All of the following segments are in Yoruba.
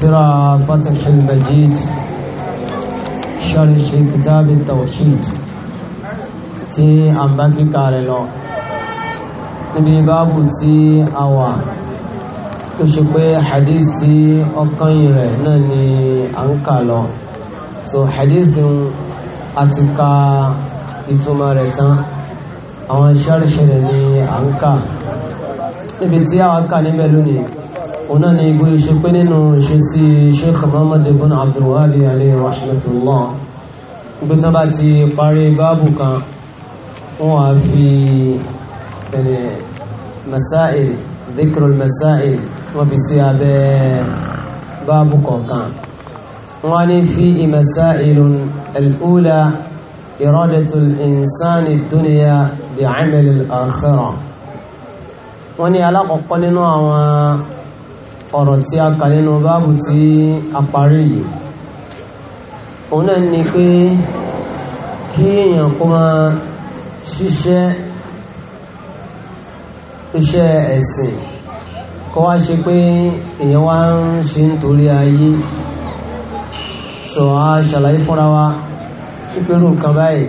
ترى فتح المجيد شرح كتاب التوحيد تي أمبكي كارلو níbi báàbù tí a wà tó ṣe pé hadith tí ọkàn yìí rẹ̀ náà ni à ń kà lọ so hadith ń àti ka ìtumọ̀ rẹ̀ tán àwọn sharhi rẹ̀ ni à ń kà níbi tí a wà kà níbẹ̀ lónìí ọ̀nà ni ibo iṣu pé nínú iṣu sí Sheikh Muhammad ibn Abdul Wahab alayhi rahmatullah gbé tán bá ti parí báàbù kan wọ́n wá fi ẹ̀rẹ̀ masáìl dhikrul masáìl wọ́n fi sí abẹ́ báàbù kọ̀ọ̀kan wọ́n ní fi masáìlun al-ula إرادة الإنسان الدنيا بعمل الآخرة wọ́n ní alákọ̀ọ́kọ́ nínú àwọn ọ̀rọ̀ tí a kà nínú báàbù tí a parí yìí òun náà ni pé kí èèyàn kó máa ṣiṣẹ́ iṣẹ́ ẹ̀sìn kó wá ṣe pé èèyàn wá ń ṣe nítorí ayé sọ a ṣàlàyé fúnra wa ṣípẹ́rù kan báyìí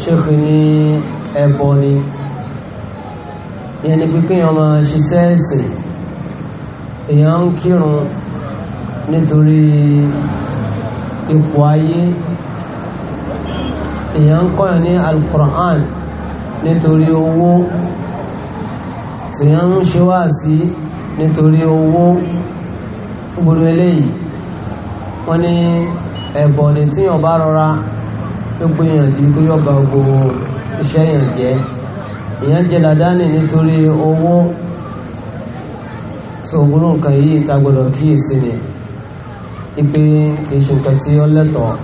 ṣéèkì ní ẹbọ ni ìyẹn ni pé kéèyàn máa ṣiṣẹ́ ẹ̀sìn èèyàn ń kírun nítorí ipò ayé èèyàn ń kọ́yàn ní alukur'an nítorí owó èèyàn ń ṣe wáàsí nítorí owó gbogbo eléyìí wọ́n ní ẹ̀bọ̀n ní tíyàn bá rọra gbogbo èèyàn di pé yọba gbogbo iṣẹ́ yẹn jẹ́ èèyàn jẹ́ làdáni nítorí owó so gbogbo nǹkan yìí ta gbọdọ̀ kíyèsí ni ipe kì í ṣe nǹkan tí ó lẹ́tọ̀ọ́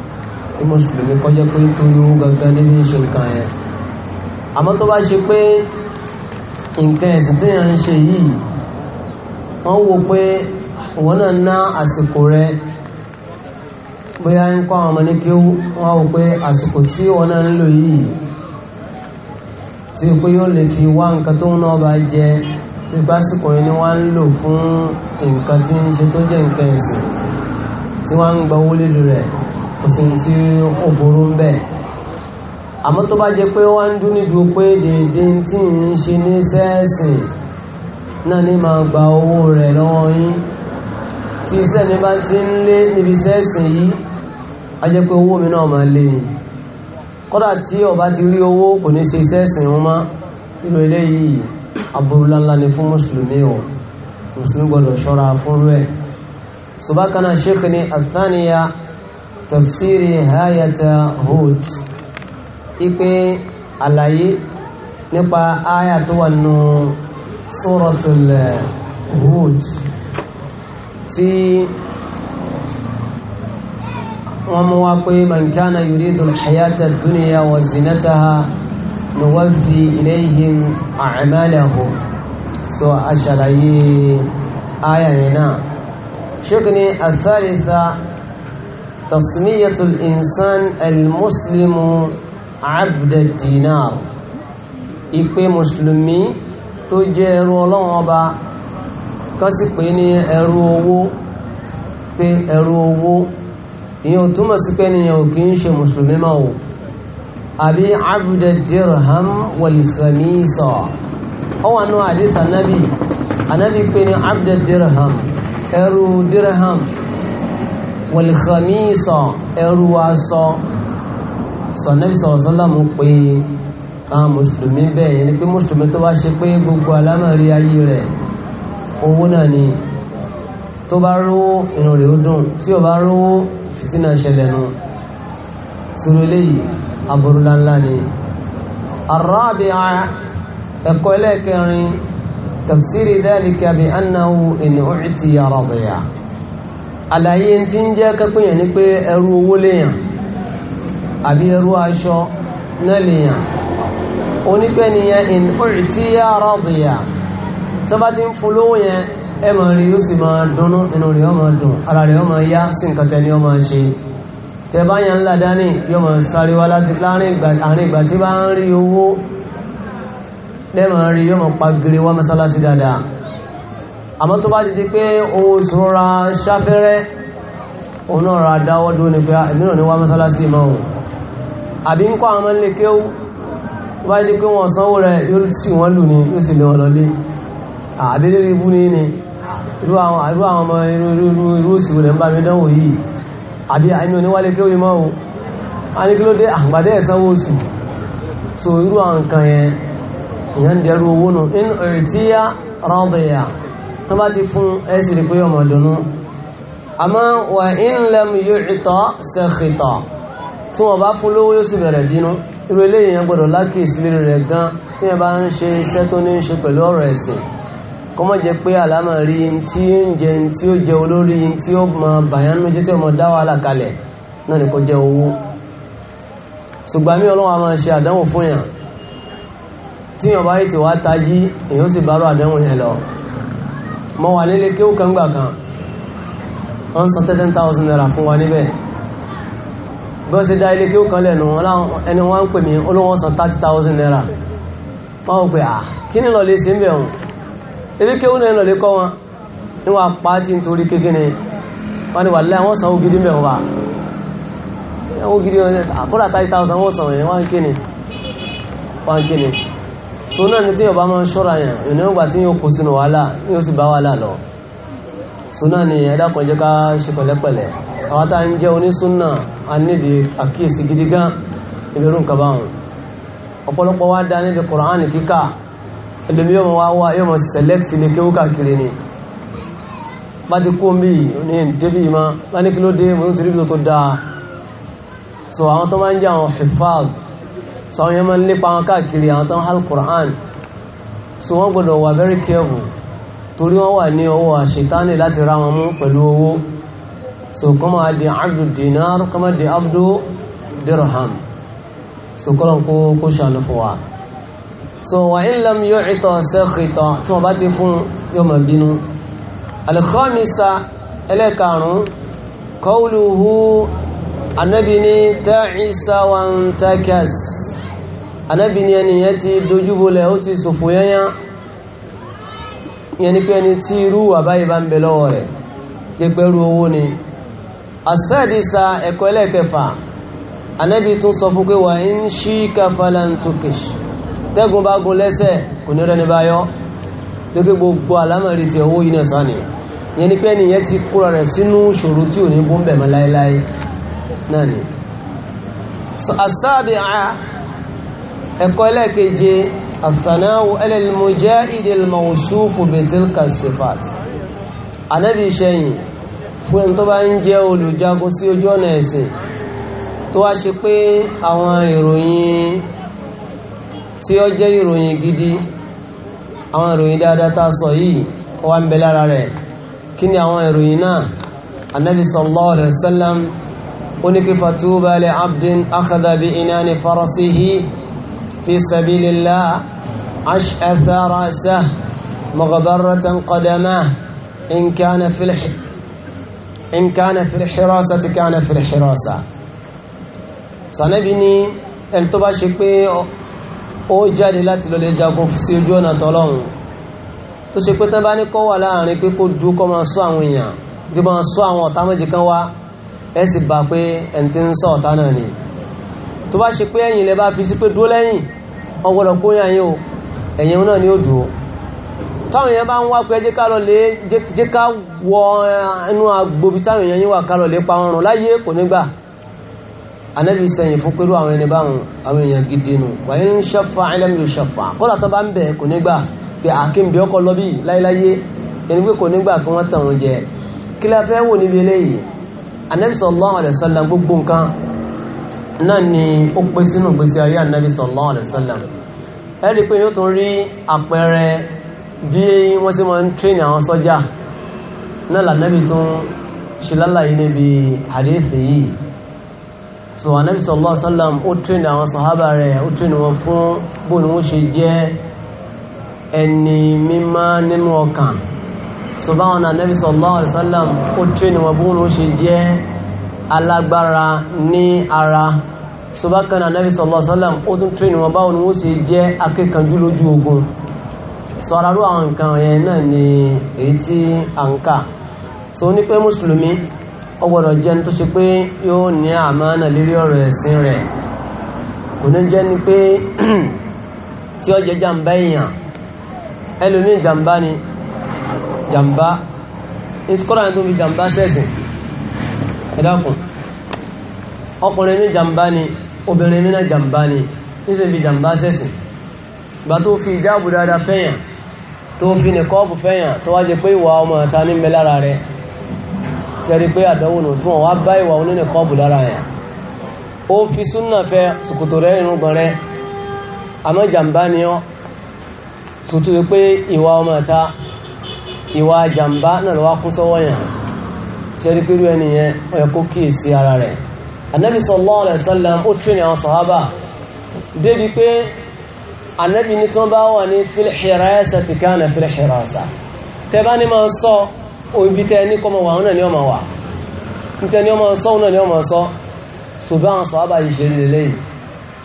kí mùsùlùmí kọjá pé torí owó gangan níbi ń ṣe nǹkan yẹn àmọ́ tó bá ṣe pé nǹkan ẹ̀sìn tí yẹn ń ṣe yìí wọ́n wo pé wọ́n náà ná àsìkò rẹ bóyá ń kọ́ àwọn ọmọ ní kí wọ́n wò pé àsìkò tí wọ́n náà ń lò yìí tí ó pé yóò lè fi wá nǹkan tó ń náà bá jẹ tó ipá sìkò yẹn ni wọ́n ń lò fún nǹkan tí ń ṣe tó jẹ́ nǹkan ẹ̀sìn tí wọ́n ń gba owó lílo rẹ̀ kò sí tí ó burú ń bẹ̀. àmọ́ tó bá jẹ́ pé wọ́n ń dún nídùú pé dèédé tí ń ṣe ní sẹ́ẹ̀sìn náà ní máa gba owó rẹ̀ lọ́wọ́ yín tí iṣẹ́ mi bá ti ń lé níbi sẹ́ẹ̀sìn yìí a jẹ́ pé owó mi náà máa lé ni kódà tí ọba ti rí owó kò ní ṣe sẹ́ẹ̀sìn wọn mọ́ nínú eléyìí aburulala ni fún mùsùlùmí o mùsùlùmí gbọdọ̀ ṣọ́ra fúnrú ẹ̀ subakana sheikh ni athaniya tafsiri hayata hud ipe àlàyé nípa aya tó wà nù hud tí wọn mú wá pé man kana yuridu al-hayata ad wa zinataha. nuwafi ilayhim a'malahum so a ṣàlàyé ayayi náà ṣíkì ní àtàlìsà tasmiyatul insan al-muslimu abdad dinar ìpè mùsùlùmí tó jẹ́ ẹrú ọlọ́run ọba kan sì pé ní ẹrú owó pé ẹrú owó ìyẹn ò sí pé nìyẹn ò kì ṣe mùsùlùmí máa wò àbí abdul dirham wal-khamisa ó wà nù hadith anabi anabi pé ní abdul dirham ẹrú dirham wal-khamisa ẹrú aṣọ sọ anabi sallallahu alaihi wasallam pé àwọn mùsùlùmí bẹ́ẹ̀ ni pé mùsùlùmí tó bá ṣe pé gbogbo alámọ̀rí ayé rẹ̀ owó náà ni tó bá rówó inú ó dùn tí ó bá rówó fìtínà ṣẹlẹ̀ nu sórí eléyìí aburúláńlá ni arrabi'a ẹ̀kọ́ ẹlẹ́ẹ̀kẹrin tafsiri dhalika bi annahu in u'tiya radiya àlàyé tí ń jẹ́ kápẹ́yàn ní pé ẹrú owó léyàn àbí ẹrú aṣọ náà léyàn onípẹ́niyàn in u'tiya radiya tó bá ti ń fún yẹn ẹ máa rí yóò sì máa dunnú inú rẹ̀ ó dùn ara rẹ̀ ó yá sí nǹkan tẹ́ni ó máa ṣe tẹ̀bá yẹn ńlá dání yóò máa sáré wá láti láàrin ìgbà tí bá ń rí owó lẹ́mọ̀ rí yóò máa pa gírí wá mọ́sálásí dáadáa àmọ́ tó bá ti di pé oṣù rọra ṣáfẹ́rẹ́ òun náà ra dáwọ́ dúró ní pé ìmíràn ah, ní wá mọ́sálásí mọ́ òun àbí ń kọ́ àwọn ọmọ ilé kéwú tó bá ti di pé wọ́n sanwó rẹ̀ yóò sì wọ́n lù ní yóò sì lé wọn lọlé àbí lérí ibú ní ní irú àwọn ọmọ irú òṣìwò rẹ̀ ń bá mi dánwò yìí àbí àìmì oníwálé kí ó yí mọ́ o a ní kí ló dé àgbàdẹ́ ah, ẹ̀sánwó oṣù so irú àwọn nǹkan yẹn ìyẹn ń dẹrù owó nù in ìrètíyà rọ́bìyà tó bá ti fún ẹ̀sì rí pé ọmọ dùnú àmọ́ wà in lẹ́m yóò sẹ́kìtọ̀ tí wọ́n bá fún lówó kọ́mọ̀ jẹ́ pé àlámà rí tí ó ń jẹ tí ó jẹ olórí tí ó mọ bàyánú jẹ́ tí ó mọ dá wàhálà kalẹ̀ náà ní kó jẹ owó ṣùgbọ́n mi ọlọ́wọ́ a máa ṣe àdánwò fún yàn tí yàn bá ètò wá tají èyàn sì bá rọ àdánwò yẹn lọ mọ wà nílé kéwù kan gbà kan wọ́n san thirteen thousand naira fún wa níbẹ̀ bí wọ́n ṣe dá ilé kéwù kan lẹ́nu ẹni wọ́n ń pè mí olówó san thirty thousand naira wọ́n wọ́n pè à kí ni lọ lè ṣe ń bẹ̀ wọ́n ebi kéwú náà lọ lè kọ́ wọn níwọ̀n apáti nítorí kékeré wọ́n ni wà lẹ́ àwọn sanwó gidi mẹ́wọ́n wa àwọn gidi wọn àkọ́dà 30,000 wọ́n sanwó yẹn wọ́n kéne wọ́n kéne so náà ni tí yọba máa ń ṣọ́ra yẹn ìrìn ògbà tí yóò kó sínú wàhálà yóò sì bá wàhálà lọ so náà ni ẹ̀dá kan jẹ́ ká ṣe pẹ̀lẹ́pẹ̀lẹ́ àwọn tá ń jẹ́ onísúnà a àkíyèsí gidi gan ìbẹ̀rù nǹkan báwọn ọ̀pọ̀lọpọ̀ wá dá níbi Kùránì kíkà ẹlòmí yóò wá wá yóò mọ̀ select ilé kéwú káàkiri ni bá ti kó mbí ní débì ma bá ní kí ló dé mo ti rí tó dáa so àwọn tó máa ń jẹ́ àwọn hifad so àwọn yẹn máa ń lépa àwọn káàkiri àwọn tó ń hal Qur'an so wọ́n gbọ́dọ̀ wà very careful torí wọ́n wà ní ọwọ́ àṣetánì láti ra wọn mú pẹ̀lú owó so kọ́ máa di abdu dinar kọ́ máa di abdu dirham so kọ́lọ̀ kó ṣàánú fún wa so wà ilẹ̀ mi yóò ìtọ̀ sẹ́kìtọ̀ tí wọ́n bá ti fún yóò mọ̀ bínú alìkọ́mísà ẹlẹ́karùn-ún kọlùhù anábi ni tẹ́ẹ̀ẹ́sà wọn tẹ́kẹ́s anábi ni ẹni yẹn ti dojúbolẹ̀ ó ti sòfò yẹnyán yẹn ni pé ẹni tí irú àbáyé bá ń bẹ lọ́wọ́ rẹ̀ gẹ́gbẹ́rú owó ni asẹ́ẹ̀dìsà ẹ̀kọ́ ẹlẹ́kẹfà anábi tún sọ fún pé wà ń ṣí kafalantukish tẹ́gùn bá gun lẹ́sẹ̀ kò ní rẹni báyọ́ tó kí gbogbo alámọ̀rí ti owó yìí náà sàn ni yẹn ni pé nìyẹn ti kúrò rẹ̀ sínú ṣòro tí ò ní bó ń bẹ̀mọ́ láéláé náà ni asáàbì a ẹ̀kọ́ ẹlẹ́keje àtànáwò ẹlẹ́lmọ́jẹ́ ìdèlmọ̀ọ́sùfù bẹ̀tẹ́lkà sifat anábì ṣẹ́yìn fún ẹni tó bá ń jẹ́ olùjagun sí ojú ọ̀nà ẹ̀sìn tó wá ṣe pé àwọn ìròyìn tí ó jẹ́ ìròyìn gidi àwọn ìròyìn dáadáa tá a sọ yìí ó wá ń bẹ lára rẹ̀ kí ni àwọn ìròyìn náà anabi sallallahu alayhi wa sallam ó ní kí fatuba li abdin akhadha bi inani farasihi fi sabilillah ash'atha ra'sahu maghbaratan qadamahu in kana fil in kana fil hirasati kana fil hirasa sanabi ni ẹni tó bá ṣe pé ó jáde láti lọ lè jagun sí ojú ọ̀nà tọ́lọ́run tó ṣe pé tán bá ní kọ́ wà láàrin pé kó dúró kọ́ máa sọ àwọn èèyàn bí máa sọ àwọn ọ̀tá méjì kan wá ẹ sì bá pé ẹni tí ń sọ ọ̀tá náà ni tó bá ṣe pé ẹ̀yìn lẹ bá fi sí pé dúró lẹ́yìn ọgbọ́dọ̀ kó yàn yín o ẹ̀yìn náà ni ó dúró táwọn èèyàn bá ń wá pé jẹ́ ká lọ lè jẹ́ ká wọ ẹnu agbóbi táwọn èèyàn yín wà ká lọ lè pa ọrùn láyé kò ní gbà anabi sẹ́yìn fún pẹ̀lú àwọn ẹni báwọn àwọn èèyàn gidi nù wàyí ń ṣàfà ẹlẹ́mì yóò ṣàfà kódà tó bá ń bẹ̀ kò nígbà pé àkínbí ọkọ̀ lọ́bí láíláyé ẹni pé kò nígbà kí wọ́n tàn wọ́n jẹ kí la fẹ́ wò níbi eléyìí anabi sallallahu alaihi wasallam gbogbo nǹkan náà ni ó pé sínú ìgbésí ayé anabi sallallahu alaihi wasallam ẹ rí i pé yóò tún rí àpẹẹrẹ bí wọ́n sì máa ń tírìnì àwọn sọ́jà so anabi sallallahu alaihi wasallam ó tún àwọn sọ̀hábà rẹ̀ ó tún wọn fún bóun wọn ṣe jẹ́ ẹni mímọ́ nínú ọkàn so báwọn anabi sallallahu alaihi wasallam ó tún wọn bóun wọn ṣe jẹ́ alágbára ní ara so bákan anabi sallallahu alaihi wasallam ó tún tún wọn báwọn wọn ṣe jẹ́ akẹ́kànjú lójú ogun so ararú àwọn nǹkan yẹn náà ni èyí tí so ní pé mùsùlùmí ọgbọ̀dọ̀ jẹ́ ní tó ṣe pé yóò ní àmánà lérí ọ̀rọ̀ ẹ̀sìn rẹ̀ kò ní jẹ́ ni pé tí ó jẹ́ jàmbá èèyàn ẹlòmí jàmbá ni jàmbá ìsìkọ́rọ̀ ẹni tó fi jàmbá sẹ́sìn ẹ̀dàkùn ọkùnrin ní jàmbá ni obìnrin ní jàmbá ni ìsìn fi jàmbá sẹ́sìn gbà tó fi ìjáàbù dáadáa fẹ́yàn tó fi nìkọ́ọ̀bù fẹ́yàn tó wá jẹ pé ìwà ọmọ ọ̀ta ní mẹ́lára rẹ̀ tẹ́rí pé àdánwò nù tí wọ́n wá bá ìwà onínì kọ́ọ̀bù lára yẹn ó fi súnà fẹ́ sòkòtò rẹ irun gan rẹ àmọ́ jàǹbá ni ọ́ tuntun pé ìwà ọmọ ta ìwà jàǹbá náà lọ́wọ́ kún sọ́wọ́ yẹn tẹ́rí pé irú ẹni yẹn ó yẹ kó kíyèsí ara rẹ̀ anabi sallallahu alaihi wasallam ó tún ní àwọn sọ̀hábà débi pé anabi ní tí wọ́n bá wà ní fil hirasati kana fil hirasa tẹ́ bá ní máa ń sọ òbí tẹ́ ní kọmọ wà náà ni ọmọ wà ní tẹ́ ní ọmọ sọ náà ni ọmọ sọ so bí àwọn sọ́ábà yìí ṣe lè lẹ́yìn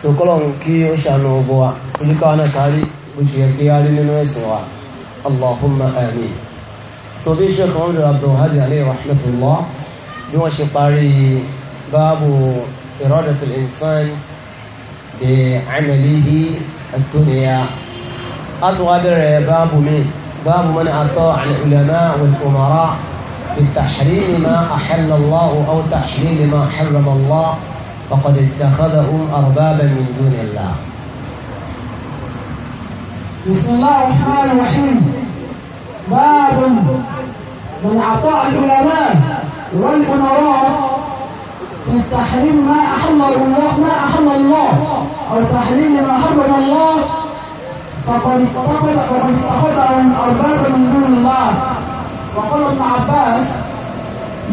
so kọ́lọ̀ kí ó ṣàánú ọgbọ́ wa oníkàwá náà kárí oṣù yẹ kí á rí nínú ẹ̀sìn wa allahumma amin so bí ṣe kàn lọ abdulhadi alayhi rahmatullah bí wọ́n ṣe باب من أطاع العلماء والأمراء في تحريم ما أحل الله أو تحليل ما حرم الله فقد اتخذهم أربابا من دون الله بسم الله الرحمن الرحيم باب من أطاع العلماء والأمراء في تحريم ما أحل الله ما أحل الله أو تحليل ما حرم الله فقد اتخذ فقد اتخذهم ارباب من دون الله وقال ابن عباس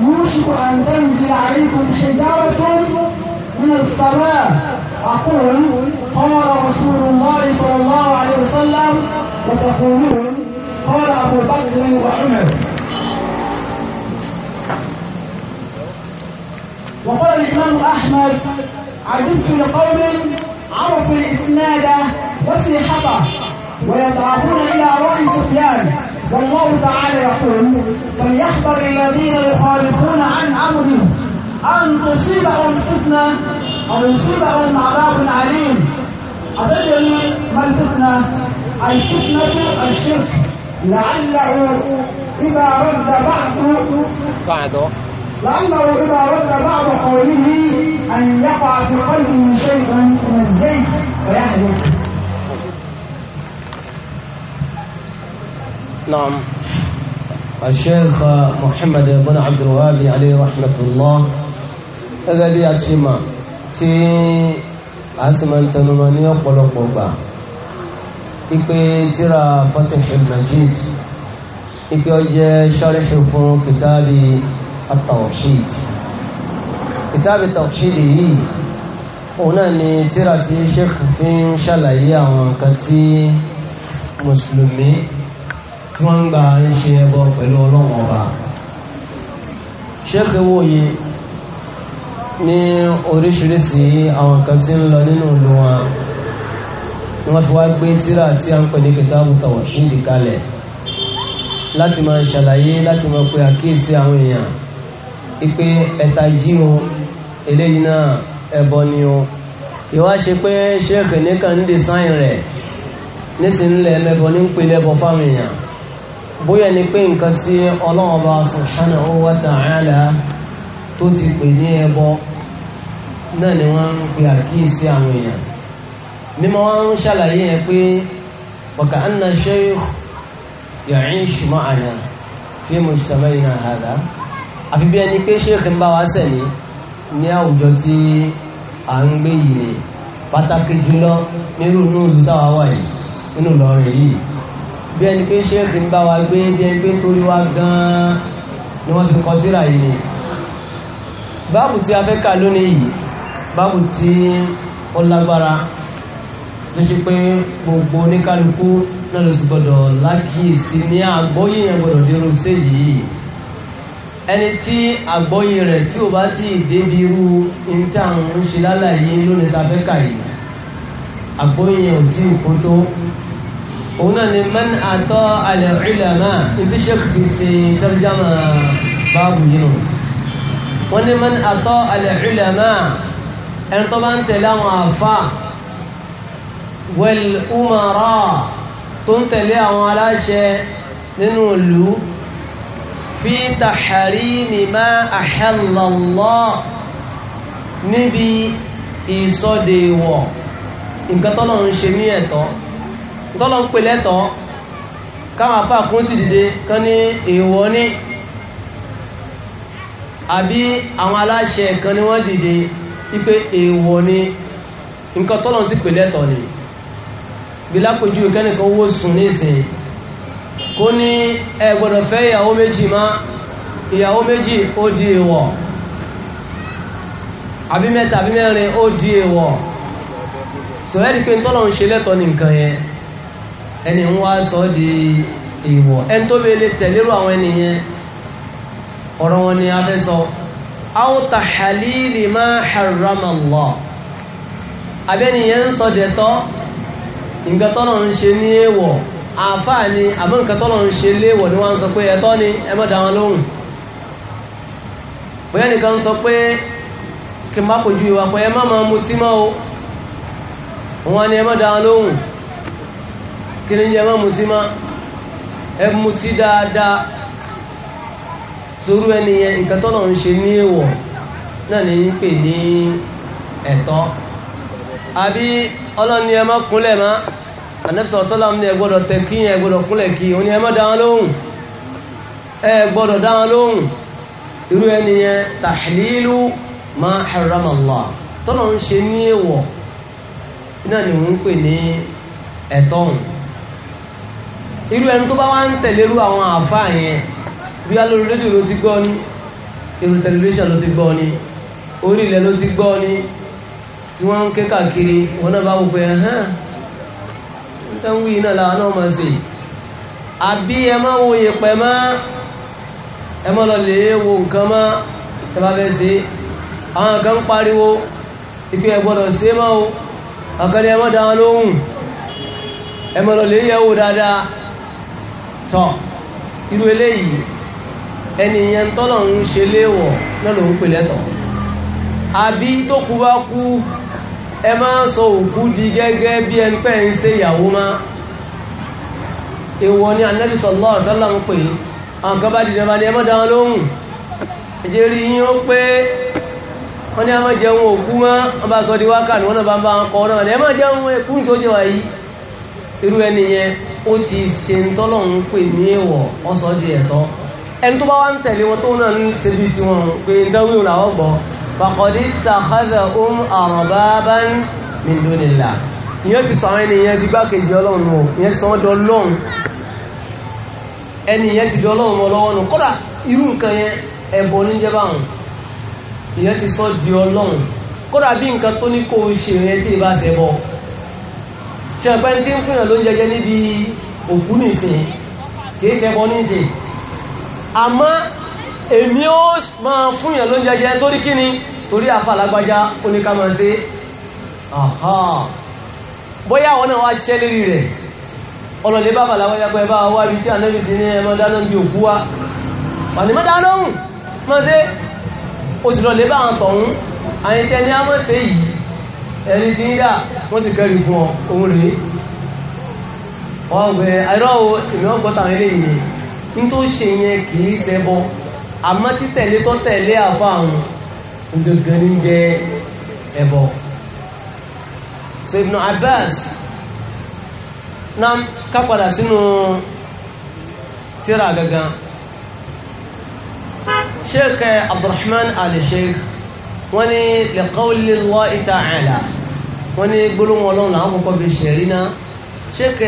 يوشك أن تنزل عليكم حجارة من السماء أقول قال رسول الله صلى الله عليه وسلم وتقولون قال أبو بكر وعمر وقال الإمام أحمد عجبت لقوم عرفوا الإسناد وصيحته ويذهبون إلى رأي سفيان والله تعالى يقول فليحذر الذين يخالفون عن أمره أن تصيبهم فتنة أو يصيبهم عذاب عليم أتدري ما الفتنة؟ الفتنة الشرك لعله إذا رد بعضه لعله إذا رد بعضه أن يقع في قلبه شيء من الزيت ويحدث نعم الشيخ محمد بن عبد الوهاب عليه رحمة الله الذي أتشم في أسمى تنماني وقلقوبا إكي ترى فتح المجيد إكي أجي شرح في كتاب التوحيد kìtàbí tàwhídì yìí òun náà ni tíra tí sheikh fi ń ṣàlàyé àwọn nǹkan tí mùsùlùmí tí wọ́n ń gba ń ṣe ẹbọ pẹ̀lú ọlọ́run ọba sheikh wòye ní oríṣiríṣi àwọn nǹkan tí ń lọ nínú ìlú wọn wọ́n fi wá gbé tíra tí a ń pè ní kìtàbù tàwhídì kalẹ̀ láti máa ṣàlàyé láti máa pe àkíyèsí àwọn èèyàn ipe ẹ̀ta jí o eléyìí náà ẹbọ ni o ìwá ṣe pé ṣéèkì nìkan nídìí sáyìn rẹ̀ nísìnyílẹ̀ mẹ́bọ ní ń pè lẹ́bọ fáwọn èèyàn bóyá ni pé nǹkan tí Ọlọ́run bá subhanahu wa ta'ala tó ti pè ní ẹbọ náà ni wọ́n ń pe àkíyèsí àwọn èèyàn wọn ń ṣàlàyé yẹn pé àfi bí ẹni pé ṣéèkì ń bá wa sẹ̀lé ní àwùjọ tí à ń gbé yìí pàtàkì jùlọ nínú inú ìlú táwa wà yìí nínú Ìlọrin yìí bí ẹni pé ṣéèkì ń bá wa gbé bí ẹni pé torí wa gan-an ni wọ́n fi kọ́ síra yìí ni báàbù tí a fẹ́ kà lónìí yìí báàbù tí ó lágbára tó ṣe pé gbogbo oníkálukú náà ló sì gbọdọ̀ lákìí sí ní àgbọ́yé yẹn gbọdọ̀ dérú sí yìí ẹni tí àgbọ́yé rẹ̀ tí ò bá ti débi irú ní tí àwọn ń ṣe lálàyé lónìí ta fẹ́ kà yìí àgbọ́yé ò tí ì kún tó òun náà ni man àtọ́ alẹ́ ìlànà ibi ṣèkù ti ṣe tẹ́rìjámà báàbù yìí nù wọ́n ní man àtọ́ alẹ́ ìlànà ẹni tó bá ń tẹ̀lé àwọn àfa wẹ́l umara tó ń tẹ̀lé àwọn aláṣẹ nínú ìlú fi tahrimi ma ahalla Allah níbi ìsọdè ìwọ̀ nǹkan tọ́lọ̀ ń ṣe ní ẹ̀tọ́ tọ́lọ̀ ń pè lẹ́tọ́ káwọn afá kún sí dìde kán ní èèwọ̀ ní àbí àwọn aláṣẹ kan ni wọ́n dìde wípé èèwọ̀ ní nǹkan tọ́lọ̀ ń pè lẹ́tọ́ ni bí lápòjú ìkẹ́nìkan owó sùn ní ìsìn kò ní ẹ fẹ́ ìyàwó méjì ìyàwó méjì ó di èèwọ̀ àbí mẹ́ta àbí mẹ́rin ó di pé tọ́lọ̀ ṣe ní ẹni ń sọ ọ́ di èèwọ̀ ẹni tó bèèrè tẹ̀lérò àwọn ẹni yẹn ọ̀rọ̀ wọn ni a fẹ́ sọ yẹn ń sọ dẹ̀tọ́ nǹkan tọ́lọ̀ ń ṣe ní àfáà ni àbọ̀nkan tọ́lọ̀ ń ṣe léèwọ̀ ni wọ́n sọ pé ẹ̀tọ́ ni ẹ má dá wọn lóhùn bóyá nìkan sọ pé kí n bá kò ju ìwà ẹ mọ́ o wọn ni ẹ kí ni jẹ́ ẹ má mutí mọ́ ẹ mutí dáadáa torú ẹni nǹkan tọ́lọ̀ ṣe ní èèwọ̀ náà ní pè ní ẹ̀tọ́ àbí ọlọ́ni ẹ kúnlẹ̀ anẹ́bìsọ̀ sọ́lám ni, ẹgbọ́dọ̀ tẹ kí yẹn ẹgbọ́dọ̀ kúnlẹ̀ kí o ní ẹ má dáwọn lóhùn ẹ gbọ́dọ̀ dáwọn lóhùn irú ẹni yẹn tàhílù ma harrama Allah tọ́nà ń ṣe ní èèwọ̀ iná ni wọ́n ń pè ní ẹ̀tọ́hùn irú ẹni tó bá wá ń tẹ̀lé irú àwọn àfáà yẹn bí wá lórí rédíò ló ti gbọ́ ní irú tẹlifíṣàn ló ti gbọ́ ní orí ilẹ̀ ló ti gbọ́ ní tí wọ́n ń ké káàkiri wọn náà bá wò pé ẹ̀hán tẹ́wù iná làwọn náà mọ̀ sí àbí ẹ má wo yèpẹ̀ mọ́ ẹ má lọ lè wo nǹkan mọ́ ẹ bá fẹ́ sí àwọn kan pariwo ìpín ẹ gbọ́dọ̀ sí mọ́ o àkàlẹ̀ ẹ má da wọn lóhùn ẹ má lọ lè yẹ wò dáadáa tọ̀ irú eléyìí ẹni yẹn tọ́lọ̀ ń ṣe léèwọ̀ náà ló ń pè lẹ́tọ̀ àbí tó kú bá kú ẹ máa ń sọ òkú di gẹ́gẹ́ bí ẹni pẹ́ ń ṣe ìyàwó má ìwọ ni Ànábì sallallahu alaihi wasallam ń pè àwọn kan bá dìde bá ní ẹ má dáwọn lóhùn ẹjẹ́ rí yín ó pé wọ́n ní a máa jẹun òkú mọ́ wọ́n bá sọ di wákàtí wọ́n náà bá ń jẹun tó jẹ wáyé ẹni tó bá wá ń tẹ̀lé wọn tó náà ń ṣe bí ti wọn pé dánwò làwọn gbọ́ fàkọ̀dé tàkàzà ohun àrọ̀bábá ń nìlú nìlà ìyẹn ti sọ àwọn ènìyàn di gbákejì ọlọ́run mọ̀ ìyẹn ti sọ wọ́n dọ́lọ́run ẹni ìyẹn ti dọ́lọ́run mọ́ lọ́wọ́ nù kódà irú nǹkan yẹn ẹ̀bọ̀ níjẹ́ báwọn ìyẹn ti sọ di ọlọ́run kódà bí nǹkan tó ní kó ṣe yẹn tí ì ṣe bọ́ ṣe ọ̀pẹ́ ní tí ń fún àmọ́ èmi ó máa fún yàn ló ń jẹjẹ torí kí ni torí àfàlágbájá oníkàmọ́ sí bóyá àwọn náà wá ṣẹ́ lérí rẹ̀ ọlọ́lẹ̀ bá fàlágbájá pé bá wá bí tí ànábì ti ní ẹmọ dáná bí òkú wa pàdé mọ́ta lọ́hùn mọ́ sí òsìlọ́lẹ̀ bá ní tó ṣe yẹn kìí ṣẹbọ àmọ́ títẹ̀lé tó tẹ̀lé àfa àwọn gangan ní jẹ ẹbọ so Ibn Abbas náà ká padà sínú tíra gangan sheikh abdulrahman al-sheikh wọ́n ní liqawli Allahi ta'ala wọ́n ní gbólóhùn ọlọ́run àwọn kọ́kọ́ fi ṣẹ̀rí náà sheikh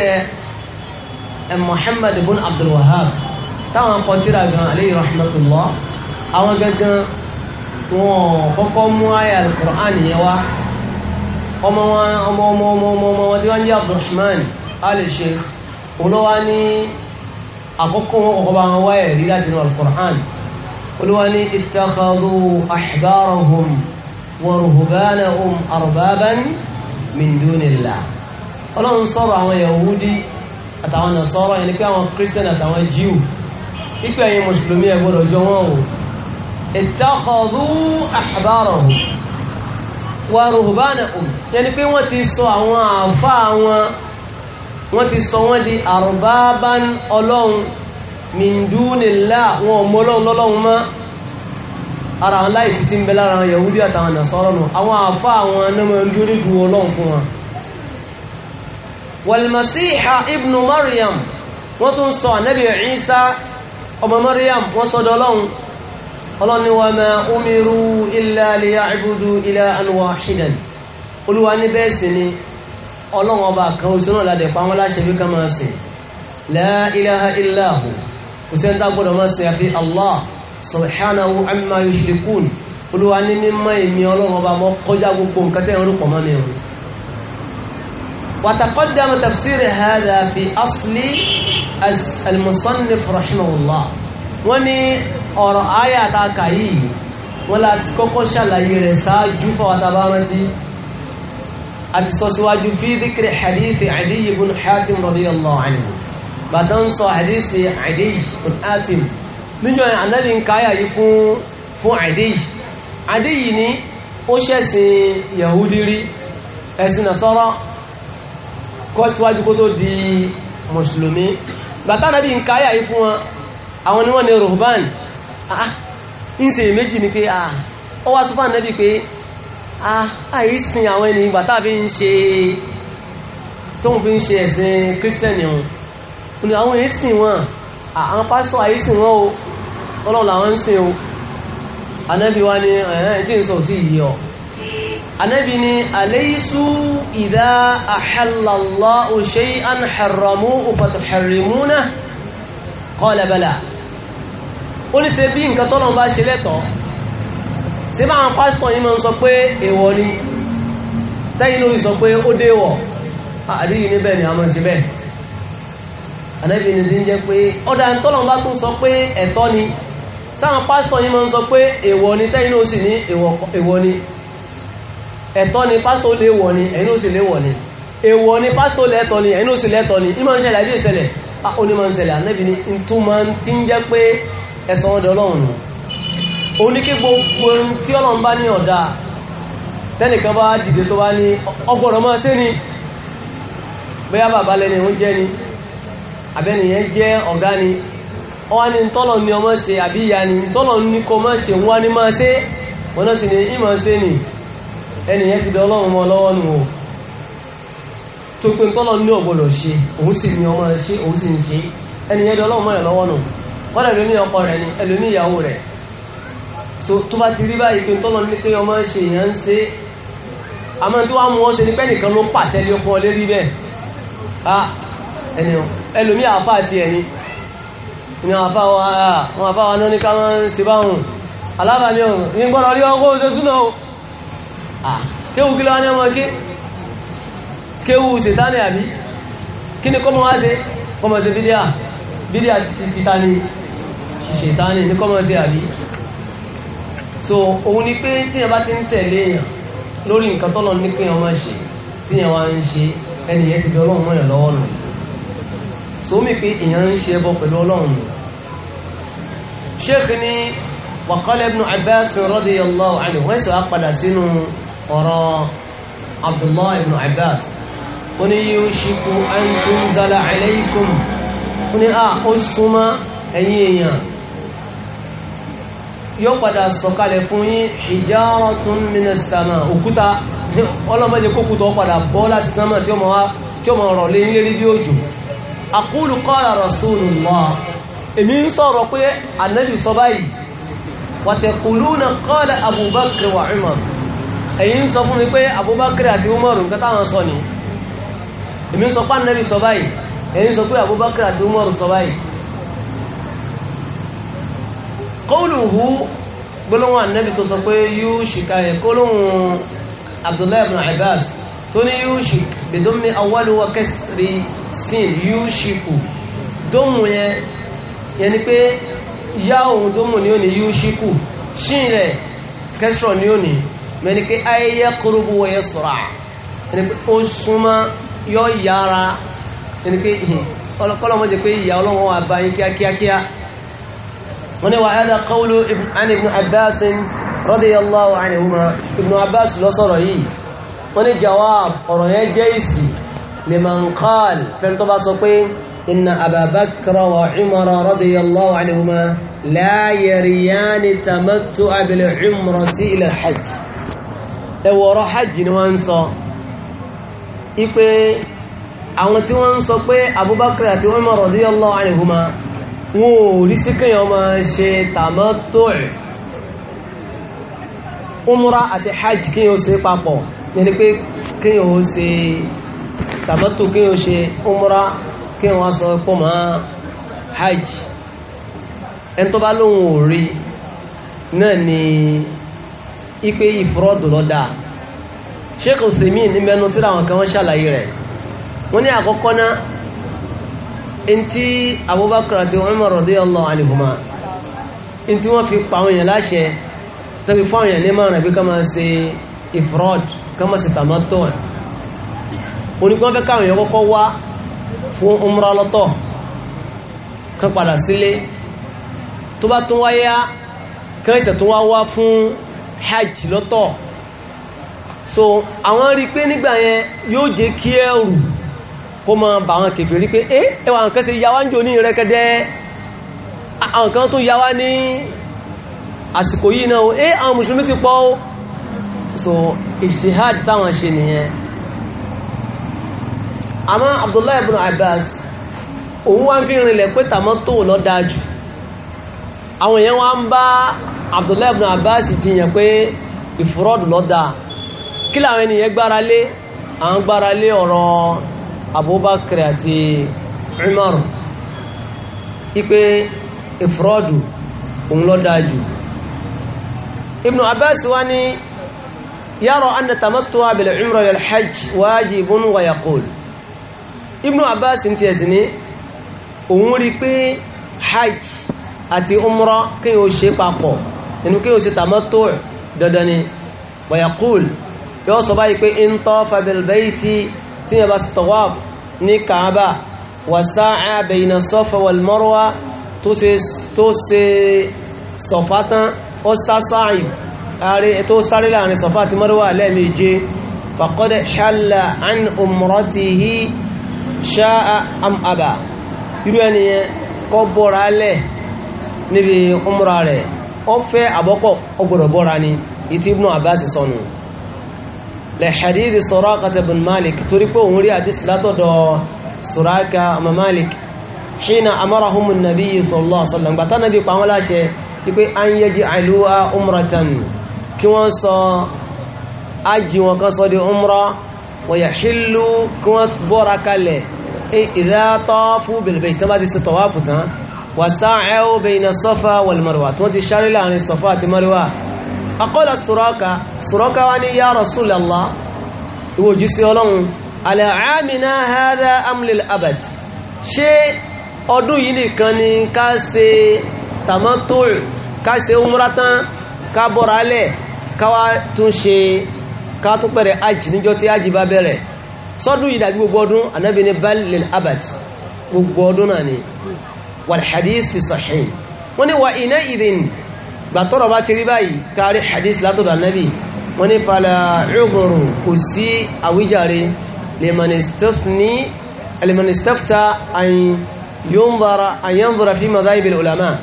eh, muhammad ibn abdulwahab táwọn kọ tíra gan alayhi rahmatullah àwọn gangan wọn kọ́kọ́ mú àyà al-Qur'an yẹn wá ọmọ wọn ọmọ ọmọ ọmọ ọmọ ọmọ tí wọ́n jẹ́ Abdulrahman al olówá ní àkọ́kọ́ wọn kọ́kọ́ bá wọn wá ẹ̀rí láti inú al-Qur'an olówá ní ittakhadhu ahbarahum wa ruhbanahum arbaban min ọlọ́run sọ̀rọ̀ àwọn Yahudi àtàwọn Nasara yẹn ni pé àwọn Christian àtàwọn Jew ipe ẹ̀yin mùsùlùmí ẹ gbọ́dọ̀ jọ wọn o ìtàkọ̀dú àbárọ̀ wà rùhùbánà ò yẹni pé wọ́n ti sọ àwọn àfá wọn wọ́n ti sọ wọ́n di àrùbábán ọlọ́run mìndúnilá wọn ọmọ ọlọ́run lọ́lọ́run mọ́ ara àwọn láìsí ti ń bẹ lára àwọn yahudi àtàwọn nàṣọ́rọ̀ wọ́n tún sọ ànábì Ìsá ọmọ Maryam wọ́n sọ́dọ̀ ọlọ́run ọlọ́run ni wa ma umiru illa liya'budu ilahan wahidan olúwa ní bẹ́ẹ̀ sì ni ọlọ́run ọba kan oṣù náà ládẹ̀ pa wọ́n láṣẹ bí ká máa sìn la ilaha illa hu kò sẹ́ni tá gbọ́dọ̀ máa sìn àfi Allah subhanahu amma yushrikun olúwa ní mímọ́ èmi ọlọ́run ọba mọ́ kọjá gbogbo nǹkan tẹ́ وتقدم تفسير هذا في أصل المصنف رحمه الله وني ọ̀rọ̀ ayà àtàkà yìí wọ́n láti kọ́kọ́ ṣàlàyé rẹ̀ sáájú fọwọ́tàbárántí àti sọ síwájú fi dhikri hadithi Ali ibn Hatim radiyallahu anhu bàtà ń sọ hadithi Ali ibn Hatim níjọ́ ànábì ń káyà yìí fún Ali Ali ni ó ṣẹ̀sìn Yahudi rí ẹ̀sìn Nasara kọ́ síwájú kó tó di mùsùlùmí bàtà nàbí ń káyà yìí fún wọn àwọn ni wọ́n ni rohban ah ń ṣe méjì ni pé ah ó wá súnfà nàbí pé ah àìsìn àwọn ènìyàn bàtà fi ń ṣe tóun fi ń ṣe ẹ̀sìn kírísítẹ́nì ọ̀hún àwọn ènìyàn sìn wọn ah, àwọn pásítọ̀ àìsìn wọn o ọlọ́run làwọn ń sìn o anábí ni ẹ̀ẹ́ tí ń sọ sí yìí ọ̀ anábi ni aléìsú ìdá àhàlàlá òṣè an hàrọ̀mú òfàtàhàrìmúnà kọlẹ̀bẹ̀lá ó ní ṣe bí nǹkan tọ́lọ̀ bá ṣe lẹ́tọ̀ọ́ ṣe bá àwọn pásítọ̀ yìí máa ń sọ pé èèwọ̀ ni tẹ́yìn lórí sọ pé ó déwọ̀ àdíyìn sáwọn pásítọ̀ yìí máa ń sọ pé èèwọ̀ ni tẹ́yìn lórí ní èèwọ̀ ni ẹ̀tọ́ ni pásítọ̀ lè wọ̀ ni ẹ̀yin ó sì lè wọ̀ ni èèwọ̀ ni pásítọ̀ lẹ́tọ̀ ni ẹ̀yin ó sì lẹ́tọ̀ ni ìmọ̀ ń ṣẹlẹ̀ àbí ìṣẹlẹ̀ ó ṣẹlẹ̀ ànábì ni n tún máa ń ti ń jẹ́ pé ẹ̀sán ọ̀dọ̀ ọlọ́run nù ó ní kí gbogbo tí ọlọ́run bá ní ọ̀dà tẹ́nìkan bá dìde tó bá ní ọgbọ̀rọ̀ máa ṣe ni bóyá bàbá lẹ́ni ń jẹ́ ni àbẹ́nìyẹn jẹ́ ọ̀gá ni ọwá ní tọ́lọ̀ ní ọmọ ṣe àbí ìyá ni tọ́lọ̀ ní kọ máa ṣe wọ́n ní máa ṣe wọ́n náà sì ní ìmọ̀ ṣe ni ẹnìyẹn ti dẹ ọlọ́run mọ́ lọ́wọ́ nù o tó pé tọ́lọ̀ ní ọ̀gbọ́dọ̀ ṣe òun sì ní ọmọ rẹ̀ ṣe òun sì ń ṣe ẹnìyẹn dẹ ọlọ́run mọ́ rẹ̀ lọ́wọ́ nù wọ́n rẹ̀ lóní ọkọ rẹ̀ ni ẹlòmí ìyàwó rẹ̀ tó bá ti rí báyìí pé tọ́lọ̀ ní pé ọmọ ṣe èèyàn ń ṣe àmọ́ tí wọ́n mú wọn ṣe ní pẹ́nìkan ló pàṣẹ lé fún ọ lérí bẹ́ẹ̀ ẹlòmí àfa àti ẹni ni àfa wa náà ní ká máa ń ṣe kéwù kí lọ́wọ́ ní ọmọ ké kéwù sètánì àbí kí ni kọ́mọ wá sí kọ́mọ sí bídíà bídíà títání sètánì ní kọ́mọ sí àbí so òun ni pé tí yẹn bá ti ń tẹ̀lé èèyàn lórí nǹkan tọ́lọ ní pé ọmọ ṣe tí yẹn wá ń ṣe ẹnìyẹn ti fi ọlọ́run mọ́ yàn lọ́wọ́ nù so ibn abbas radiyallahu anhu wọ́n sì wá padà sínú ọ̀rọ̀ abdullahi ibn abbas ó ní yushiku an tunzala alaykum ó ní à ah, ó súnmọ́ ẹ̀yin èèyàn yóò padà sọ̀kalẹ̀ fún yín hijaratun minas sama òkúta ọlọ́mọdé kókútọ̀ padà bọ́ láti sánmà tí ó mọ̀ ọ̀rọ̀ lé nílé bí òjò aqulu qala rasulullah èmi ń sọ̀rọ̀ pé ànábì sọ báyìí wa taquluna qala abubakar wa umar ẹ̀yin ń sọ fún mi pé Abubakar àti Umaru nǹkan táwọn sọ ni èmi sọ pé Ànábì sọ báyìí ẹ̀yin sọ pé Abubakar àti Umaru sọ báyìí kọ́wùlùhù gbọ́lọ́wọ́ Ànábì tó sọ pé yóò ẹ̀ kọ́lọ́hùn Abdullahi ibn Abbas tó ní yóò ṣì awali kẹsìrì sin yóò ṣìkù yẹn yẹn ni pé yá òun dómù ni ó ní yóò ṣìn rẹ̀ ni ó ní mẹ́ni pé ayẹyẹ kúrúbù wọ́yẹ sọ̀rọ̀ ẹni pé ó súnmọ́ yọ yára ẹni pé ọlọ́kọ́lọ́mọ́ jẹ pé ìyá ọlọ́wọ́n wà báyìí kíákíákíá wọ́n ni wà ẹ́dà kọ́wọ́lú ibn abbas radiyallahu anhuma ibn abbas lọ sọ̀rọ̀ yìí wọ́n ni jawab ọ̀rọ̀ yẹn jẹ́ ìsì liman qal fẹ́ni tó bá sọ pé inna ababakra wa umara radiyallahu ẹwọ ọ̀rọ̀ hajj ni wọ́n ń sọ ipé àwọn tí wọ́n ń sọ pé Abubakar àti Umar radiyallahu anhuma wọn ò rí sí kíyàn ma ṣe tàmátọ́ẹ̀ umra àti hajj kíyàn ó ṣe papọ̀ yẹni pé kíyàn ó ṣe tàmátù kíyàn ó ṣe umra kíyàn wá sọ pọ̀ mọ́ hajj ẹni tó bá lóhun ò rí náà ni ipe ìfúrọ́dù lọ́dà Sheikh Usaimin ní mẹ́nu tí àwọn kan wọ́n ṣàlàyé rẹ̀ wọ́n ní àkọ́kọ́ náà in tí Abubakar àti Umar radiyallahu anhuma in tí wọ́n fi pa àwọn èèyàn láṣẹ tàbí fún àwọn èèyàn ní márùn àbí ká máa ṣe ìfúrọ́dù ká máa ṣe tàmọ́tọ̀ oníkan fẹ́ káwọn èèyàn kọ́kọ́ wá fún umra lọ́tọ̀ kan padà sílé tó bá hajj lọ́tọ̀ so àwọn rí pé nígbà yẹn yóò jẹ́ kí ẹrù kó mọ bà wọn kèfèé rí pé ẹ ẹwà nǹkan sí yàwá ń jò ní rẹ́kẹ́dẹ́ àwọn kan tó yàwá ní àsìkò yìí náà ẹ àwọn mùsùlùmí ti pọ̀ so ìjìhad táwọn ṣe nìyẹn àmọ́ Abdullahi ibn Abbas òun wá ń fi rinlẹ̀ àwọn èèyàn wá ń bá Abdullahi ibn Abbas jiyàn pé ìfúrọ́dù lọ́dà kí làwọn ènìyàn gbára lé àwọn gbára lé ọ̀rọ̀ Abubakar àti Umar ipe ìfúrọ́dù òun lọ́dà jù ibn Abbas wá ní yàrá anna tamattu'a bil umra lil hajj wajibun wa yaqul ibn Abbas ti ẹ̀sìn ní òun hajj àti umra kí o ṣe papọ̀ inú kí o ṣe tamattu dandan ni wa yaqul yóò sọ báyìí pé in tafa bil bayti tí yẹn bá sì tawaf ní kaaba wa sa'a bayna safa wal marwa tó ṣe sọ̀fá tán ó sásáì tó sáré kọ́ bọ́ra lẹ́ẹ̀ níbi umra rẹ̀ ó fẹ́ àbọ́kọ̀ ó gbọ́dọ̀ bọ́ra ni ìtí Ibn Abbas sọnù lè hadith Suraqah ibn Malik torí pé òun rí àdísì látọ̀dọ̀ Suraqah ọmọ Malik hina amarahum an-nabi sallallahu alaihi wasallam gbàtà nàbí pa wọn láṣẹ wípé an yaj'aluha umratan kí wọ́n sọ ájì wọn kan sọ di umra وسعوا بين الصفا والمروة تونتي شارلا عن الصفا والمروة أقول السراقة سراقة واني يا رسول الله وجسي لهم على عامنا هذا أم للأبد شيء ọdún yìí nìkan ni ká ṣe tàmọ́tòl ká ṣe umratan ká bọ́ra lẹ̀ ká wá tún ṣe ká tún pẹ̀rẹ̀ ajì níjọ́ tí ajì bá bẹ̀rẹ̀ sọ́dún yìí dàbí gbogbo ọdún anábìíní bal abad gbogbo ọdún náà ni والحديث في الصحيح وني وإنئذ بطر باتري باي تاري حديث لا تدع النبي وني فلا عبر كسي أو جاري لمن استفني لمن استفتى أن ينظر أن ينظر في مذايب العلماء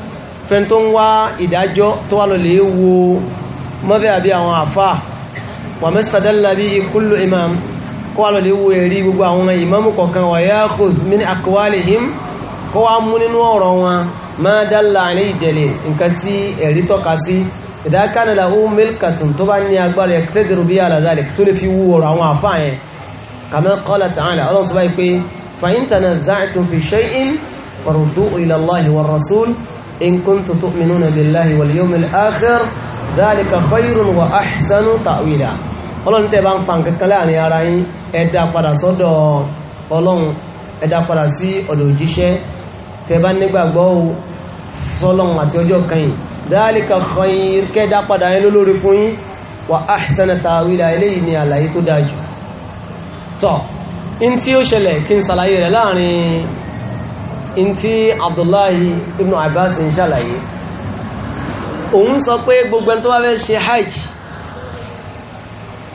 فانتم وإداجو طوال ليو مذهب وعفا وما استدل به كل إمام قالوا ليو يريبوا وما إمام كوكا ويأخذ من أقوالهم kó wá mú nínú ọ̀rọ̀ wọn ma dalla alayhi dalil nǹkan tí ẹ̀rí tọ́ka sí idha kana lahu milkatun tó bá ní agbára yaqtadiru biha ala dhalik tó lè fi wú ọ̀rọ̀ àwọn àfáà yẹn kama qala ta'ala ọlọ́run sọ báyìí pé fa in tanaza'tum fi shay'in farudduhu ila Allahi wa rasul in kuntum tu'minuna billahi wal yawmil ọlọ́run ẹ̀dá padà sí ọ̀dọ̀ òjíṣẹ́ tẹ́ bá nígbàgbọ́ sọ́lọ́run àti ọjọ́ kẹyìn dáálíkà khair kẹ́dá padà yẹn lólórí fún yín wà áṣìṣẹ́nà tàwílà eléyìí ni àlàyé tó dáa jù tọ́ in tí ó ṣẹlẹ̀ kí n ṣàlàyé rẹ̀ láàrin in tí Abdullahi ibn Abbas ń ṣàlàyé òun sọ pé gbogbo tó bá fẹ́ ṣe hajj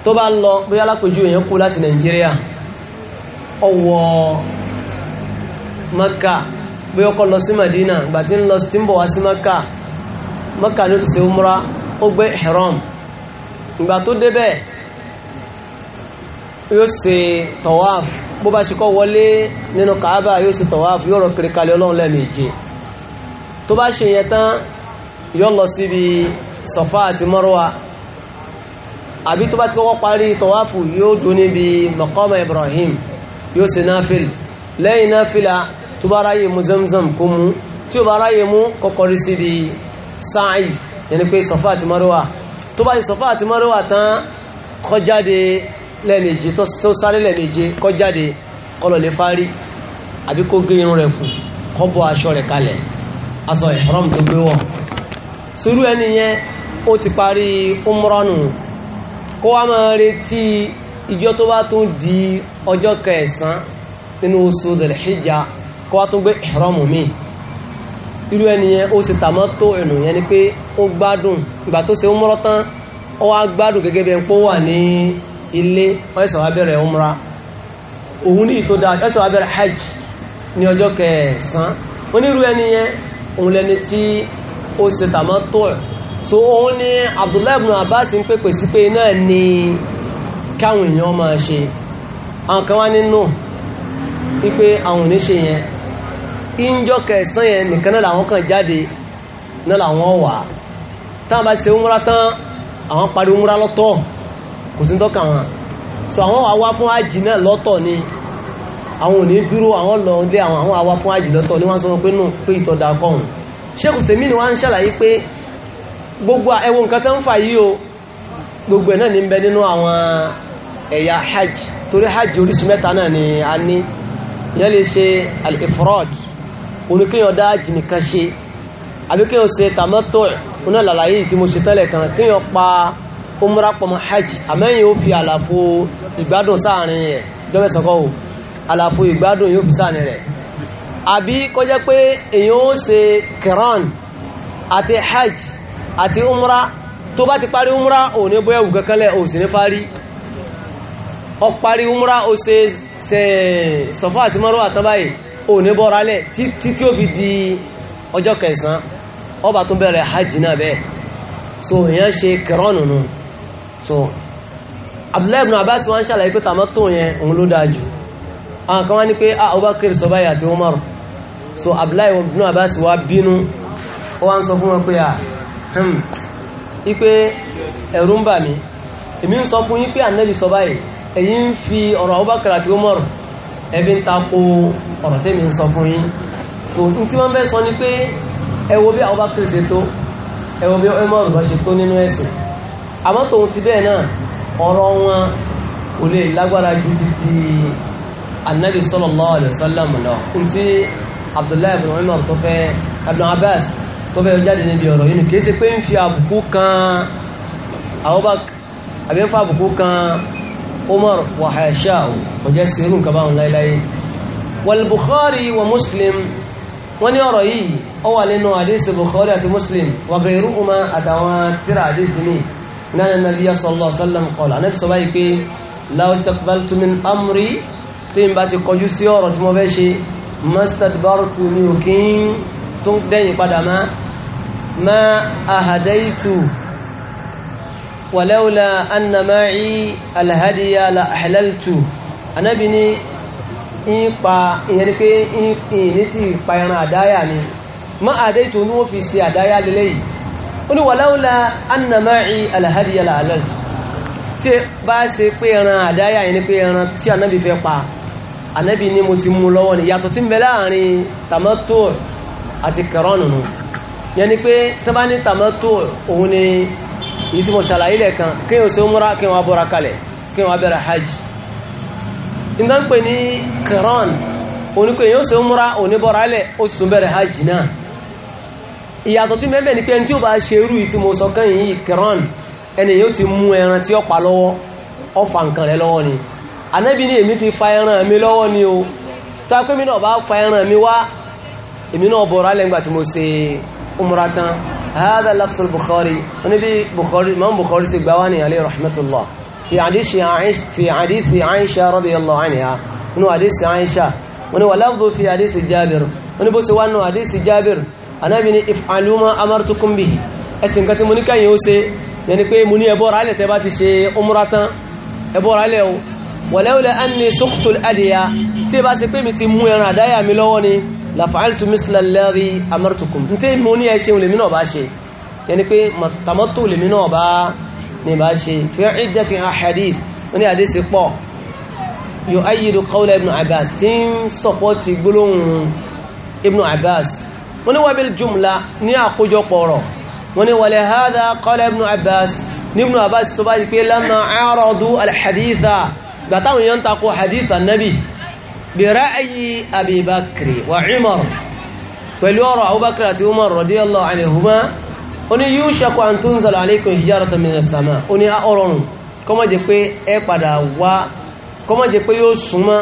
tó bá lọ bóyá lápèjú èèyàn kú láti Nàìjíríà ọwọ́ maka bí ọkọ̀ lọ sí madina ìgbà tí ń lọ sí tí ń bọ̀ wá sí maka maka ló ti ṣe umra ó gbé ihram ìgbà tó débẹ̀ yóò ṣe tawaf bó bá ṣe kọ́ wọlé nínú kaaba yóò ṣe tawaf yóò rọ kiri ọlọ́run lẹ́ẹ̀mejì tó bá ṣe yẹn tán yóò lọ síbi safa àti marwa àbí tó bá ti kọ́kọ́ parí tọ́wáfù yóò dún níbi maqama ibrahim yóò ṣe náfìl lẹ́yìn náfìlà tó bá ráyè mu zamzam kó mu tí ó bá ráyè mu kọ́kọ́rí síbi sáàyì yẹni pé sọfá àti mọ́rọ́wà tó bá yí sọfá àti mọ́rọ́wà tán kọjáde lẹ́ẹ̀mejì tó sáré lẹ́ẹ̀mejì kọjáde kọlọ̀lẹ́ fárí àbí kó gé irun rẹ̀ kù kó bọ́ aṣọ rẹ̀ kalẹ̀ aṣọ ìhrọ́m tó gbé wọ̀ sùúrù ẹni yẹn ó ti parí umrọ́nù kó wá máa retí ìjọ tó bá tún di ọjọ́ kẹsàn-án nínú oṣù Dhul-Hijjah kó wá tún gbé ìrọ́mù mi irú ẹniyẹn ó sì tàmọ́ tó ẹnu yẹn ni pé ó gbádùn ìgbà tó ṣe umra tán ó wá gbádùn gẹ́gẹ́ bí ẹni pé ó wà ní ilé wọ́n ṣẹ̀ṣẹ̀ wá bẹ̀rẹ̀ umra òun ní ìtò dáa ṣẹ̀ṣẹ̀ wá bẹ̀rẹ̀ hajj ní ọjọ́ kẹsàn-án ó ní irú òun lẹni tí ó sì tàmọ́ tó so òun ni Abdullahi ibn Abbas ń pèpè sí pé náà ni káwọn èèyàn máa ṣe àwọn kan wá nínú wípé àwọn oníṣe yẹn ìjọ kẹsàn yẹn nìkan náà làwọn kan jáde náà làwọn wà táwọn bá ṣe umra tán àwọn parí umra lọ́tọ̀ kò sí tọ́ka wọn so àwọn wà wá fún àjì náà lọ́tọ̀ ni àwọn òní dúró àwọn lọ ilé àwọn àwọn àwá fún àjì lọ́tọ̀ ní wọ́n sọ pé nù pé ìtọ́dà kọ́hùn ṣékù sèmí ni wọ́n ń ṣàlàyé pé gbogbo ẹwọ nǹkan tó ń fà yí o gbogbo ẹ̀ náà ní bẹ nínú àwọn ẹ̀yà hajj torí hajj oríṣi mẹ́ta náà ni a ní ìyẹn lè ṣe al-ifrad oníkéyàn dá hajj nìkan ṣe àbí kéyàn ṣe tamattu oní àlàyé tí mo ṣe tẹ́lẹ̀ kan kéyàn pa umra pọ̀mọ́ hajj àmẹ́yìn ó fi àlàfo ìgbádùn sáàrin ẹ̀ jọ́mẹ́sọ̀kọ́ o àlàfo ìgbádùn yóò fi sáàrin rẹ̀ àbí kó jẹ́ pé èyàn ó ṣe kiran àti hajj àti umra tó bá ti parí umra ò ní bóyá òwú kankanlẹ̀ ò sì ní fárí ọ parí umra ó ṣe ṣe sọ̀fọ́ ati maro àtán báyìí ò ní bọ́ra lẹ̀ títí tí ó fi di ọjọ́ kẹsàn-án ọba tó bẹ̀rẹ̀ hajj náà bẹ́ẹ̀ so èèyàn ṣe kẹrọ́nù nù so Abdullahi ibn Abbas wọn ṣàlàyé pé tàmọ́ tó yẹn òun ló dáa jù àwọn kan wá ní pé ah Abubakar sọ báyìí àti Umar so Abdullahi ibn Abbas wá bínú ó wá ń sọ fún wọn pé ah ipe hmm, ẹ̀rú ń bà mí èmi sọ fún yín pé ànẹ́bì sọ báyìí èyí ń fi ọ̀rọ̀ Abubakar àti Umar ẹbí ń tako ọ̀rọ̀ tẹ́mi ń sọ fún yín tó ní tí wọ́n fẹ́ sọ ni pé ẹ wo bí Abubakar ṣe tó ẹ wo bí Umar bá ṣe tó nínú ẹ̀sìn àmọ́ tòun ti bẹ́ẹ̀ náà ọ̀rọ̀ wọn kò lè lágbára ju ti di anabi sallallahu alaihi wasallam lọ ntí Abdullahi ibn Umar tó fẹ́ Ibn Abbas tó fẹ́ jáde níbi ọ̀rọ̀ yìí kì í ṣe pé ń fi àbùkù kan Abubakar àbí ń fa àbùkù kan umar wa haṣáù kò jẹ́ sí irun kaba ọ̀nà iláyé wal bukhari wa muslim wọ́n ní ọ̀rọ̀ yìí ó wà nínú àdísì bukhari àti muslim wa gairu uma àtàwọn tíra àdísì ní náà nàbí sallallahu alaihi wasallam qala anábì sọ báyìí pé law amri tí n bá ti kọjú sí ọ̀rọ̀ tí mo fẹ́ ṣe mastadbartu ni òkín tó dẹ́yìn padà má ahadaitu wàlẹ́wùlẹ́ annamáì alhadiya la ahlaltu anábi ní ń pa ìyẹn pé ìní ti pa ẹran àdáyà ni ma àdé tó ní wọ́n fi ṣe àdáyà lélẹ́ yìí ó ní wàlẹ́wùlẹ́ annamáì alhadiya la ahlaltu tí bá ṣe pé ẹran àdáyà yìí ni pé ẹran tí anábi fẹ́ pa anábi ní mo ti mú lọ́wọ́ ni yàtọ̀ tí ń bẹ láàrin èyí tí mo ṣàlàyé lẹ́ẹ̀kan kí wọ́n ṣe múra kí wọ́n bọ́ra kalẹ̀ kí wọ́n bẹ̀rẹ̀ hajj nígbà ń pè ní kẹrọ́n onípe èyí ó ṣe múra oníbọ̀ra lẹ̀ ó sì tún bẹ̀rẹ̀ hajj náà ìyàtọ̀ tí mẹ́bẹ̀ ni pé ẹni tí ó bá ṣe irú ìtí mo sọ kẹ́yìn yìí kẹrọ́n ẹni yóò ti mú ẹran tí ó pa lọ́wọ́ ó fa nǹkan rẹ̀ lọ́wọ́ ni anábì ni èmi ti fa ẹran mi lọ́wọ́ ni o tó a pé mi náà bá fa ẹran mi wá èmi náà bọ̀ra lẹ́ngbà tí mo ṣe umra tán هذا لفظ البخاري النبي بخاري امام بخاري سيغواني عليه رحمه الله في حديث عائشه في حديث عائشه رضي الله عنها انه حديث عائشه انه ولفظ في حديث جابر انه بس وانه حديث جابر انا بني افعلوا ما امرتكم به ẹ̀sìn nǹkan tí mo ní káyìn ó ṣe yẹni pé mo ní ẹbọ́ rálẹ̀ tẹ́ bá ti ṣe umratan ẹbọ́ rálẹ̀ o wọ̀lẹ́wọ̀lẹ́ ẹn ni sọ́kùtùl adìyà tí bá ṣe pé mi ti mú ẹran àdáyà mi lọ́wọ́ ni lafa'altu misla alladhi amartukum n tẹ́ mú ní ẹṣẹ́ olèmí náà bá ṣe yẹni pé tamattu olèmí náà bá ní bá ṣe fi iddati ahadith wọ́n ni àdísí pọ̀ yóò ayyidu qawla ibn abbas tí ń sọpọ́tì gbólóhùn ibn abbas wọ́n ni wabil jumla ní àkójọpọ̀ ọ̀rọ̀ sọ bá yìí pé lamma aradu alhaditha gbàtàwọn èèyàn takò hadith annabi bi ra'ayi abibakiri wa umar pẹ̀lú ọ̀rọ̀ abubakir àti umar radiyallahu anihuma ó ní yushaku an tunzala alaykum hijaratan min as-sama ó ní ọ̀rọ̀rùn kọ́mọ̀ jẹ́ pé ẹ e padà wá kọ́mọ̀ jẹ́ pé yóò súnmọ́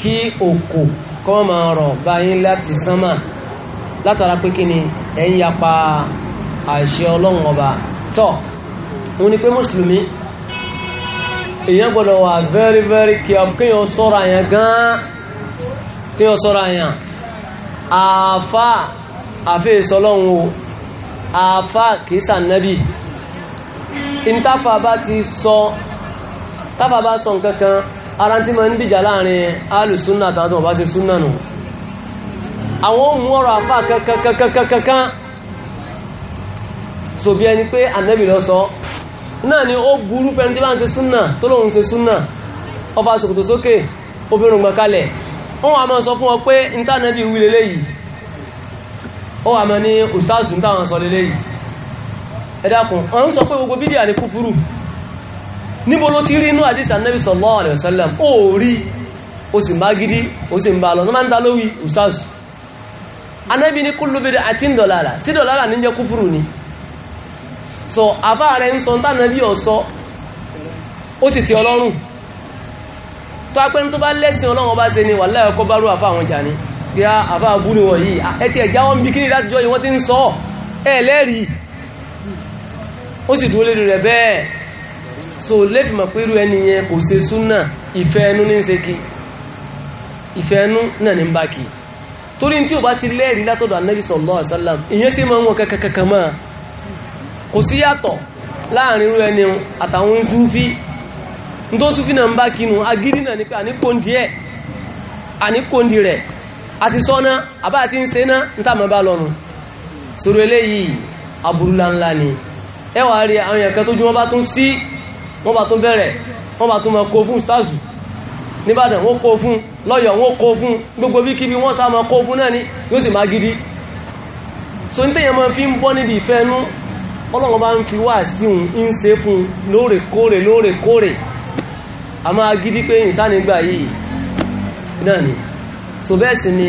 kí òkò kọ́mọ̀ máa rọ̀ báyìí láti sánmà látara pé kí ni ẹ̀ yapa àṣẹ ọlọ́run ọba tọ́ èyàn gbọdọ wa very very careful kíyàn sọ́ra gan kíyàn sọ́ra o àfà kìí sànẹ́bì ìntàfà bá ti sọ bá sọ nkankan ara tí ma ń dìjà láàrin alùsúnnà àtàwọn bá ti súnnà nù àwọn ohun so bí ẹni pé ànẹ́bì náà ni ó burú fẹ́ tí bá ń ṣe súnà tó lóun ṣe súnà ọba ṣòkòtò sókè obìnrin gbọ́n kalẹ̀ wọ́n wà máa sọ fún ọ pé ìntánẹ́bì wí yìí ó wà máa ní sọ lélẹ́ yìí ẹ dákun ń sọ pé gbogbo bídíà ní níbo ló ti rí inú àdìsí ànẹ́bì sallallahu alaihi sí so àfá rẹ̀ ń sọ tánà bí ọ̀sọ́ ó sì ti ọlọ́rùn tó apẹ́ tó bá lẹ́sìn ọlọ́run bá ni wà láyọ̀kọ́ bá rú àfá àwọn jà kí á àfá wọn bí kíni yìí wọ́n ti ń sọ ẹ lẹ́rìí ó sì dúró lérí rẹ̀ bẹ́ẹ̀ so lẹ́fì mọ̀ pé irú ẹni yẹn kò se súnà ìfẹ́ ẹnu ní ṣe kí náà ní bá kí torí tí ò ti lẹ́rìí látọ̀dọ̀ anábì ìyẹn sì máa ń kò sí yàtọ̀ láàrin irú ẹni àtàwọn súfí tó súfí náà ń bá kínú agídí náà ní pé àníkóndì ẹ̀ àníkóndì rẹ̀ àti sọ́nà àbá àti ń se náà ń tàmà bá lọ́rùn sórí eléyìí aburúlá ńlá ni ẹwà rí àwọn èèyàn kan tó jú wọ́n bá tún sí wọ́n bá tún bẹ̀rẹ̀ wọ́n bá tún ni yóò sì so ní tẹ́yẹ̀ mọ́ fi ọlọ́run bá ń fi wá sí un ń fún lóòrèkóòrè lóòrèkóòrè a máa gidi pé ìsánigbà yìí náà ni so bẹ́ẹ̀ sì ni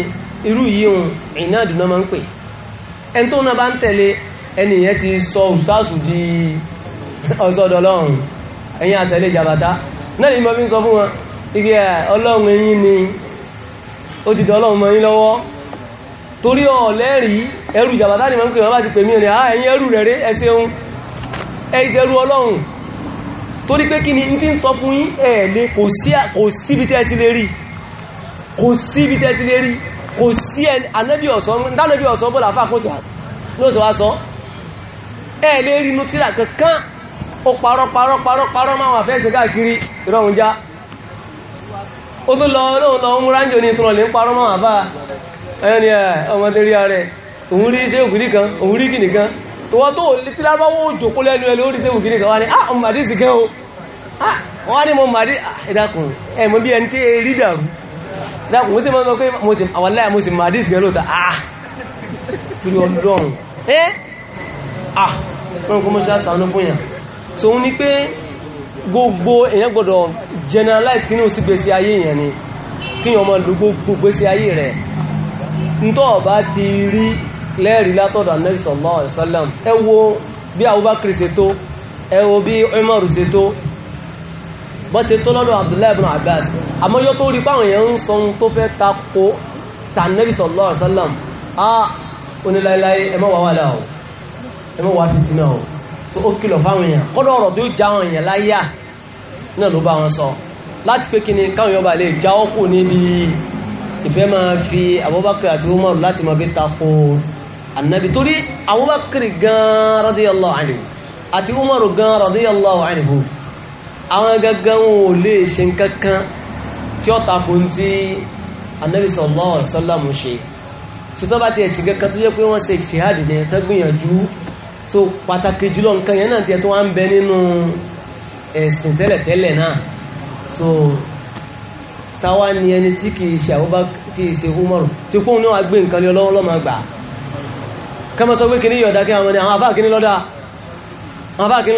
irú yìí un náà máa ń pè ẹn tó náà bá ń tẹ̀lé sọ òṣàṣù di ẹ̀yìn àtẹ̀lé náà ni mo fi ń sọ fún wọn ọlọ́run ẹ̀yìn ni ó torí ọ̀lẹ́rí ẹrù ìjàbátá ni mọ́mí kìí bá ti pè mí rẹ̀ ah, ẹ̀yìn ẹrù rẹ̀ rí ẹsẹun ẹ̀ẹ́sẹ̀rù ọlọ́run torí pé kí ni ní sọ fún yín ẹ̀ẹ̀lẹ́ kò síbi tẹ́ ti lè rí kò síbi tẹ́ ti lè rí kò sí ànábì ọ̀sán bọ́lá fàkóso lóṣọ́wásọ́ ẹ̀ẹ̀lẹ́ rí inú tíra kankan ó parọ́ parọ́ parọ́ parọ́ máa wà fẹ́ẹ̀sẹ̀ káàkiri ìrọ̀hùn já ó tó lọ lóòlọ́ ń ẹni ọmọdé rí ààrẹ òun rí ṣe òkìrí kan òun rí kìnnì kan wọ́n tó lè tí lábáwọ́ òjòkó lẹ́nu ẹ̀ lórí ṣe òkìrí kan wá ní ah màdí sì gan o ah wọ́n ní mo màdí ìdákùn ah, ẹ̀ mọ́ bí ẹni tí ẹ rí dàrú ìdákùn mo sì ah torí ọlọ́run ẹ́ eh? ah wọ́n kò mọ́ ṣe so ń ní pé gbogbo èèyàn gbọ́dọ̀ generalize kí ní ni kí yàn ọmọ lò gbogbo gbèsè ayé rẹ̀ ntọ́ ọba ti rí lẹ́rìí látọ̀dọ̀ Ànábì sallallahu alaihi wasallam ẹ wo bí Abubakar ṣe tó ẹ wo bí Umar ṣe tó bọ́ ṣe tó lọ́dọ̀ Abdullahi ibn Abbas àmọ́yọ́ tó rí páwọn èèyàn ń sọ ohun tó fẹ́ ta ko ta Ànábì sallallahu alaihi wasallam á oníláíláí ẹ má wà wà láà ẹ wà fìtínà o tó ó kìlọ̀ fáwọn èèyàn kọ́dọ̀ ọ̀rọ̀ tó já àwọn èèyàn láyà náà ló bá wọn sọ láti pé kí ni káwọn èèyàn bá lè já ọkù níbi ìfẹ́ máa fi Abubakar àti Umar láti máa fi takò annabi torí Abubakar gan radiyallahu anhu àti Umar gan radiyallahu anhu àwọn gangan wọn ò lè ṣe kankan tí ó takò tí annabi sallallahu alaihi wasallam ṣe ṣùgbọ́n bá ti ẹ̀ṣì kankan tó yẹ pé wọ́n ṣe ìṣèhádìí ní ẹ̀tọ́ gbìyànjú so pàtàkì jùlọ nǹkan yẹn náà ti ẹ̀ tó wá ń bẹ nínú ẹ̀sìn tẹ́lẹ̀tẹ́lẹ̀ náà táwa ni ẹni tí kìí ṣe àwọ́bá tí ì ṣe Umaru tí kóun náà wá gbé nǹkan lé ọlọ́wọ́ lọ́mọ gbà kẹ́mọ́ sọ pé kí ní yọ̀dá kí àwọn àwọn àbáàkí ní lọ́dá àwọn àbáàkí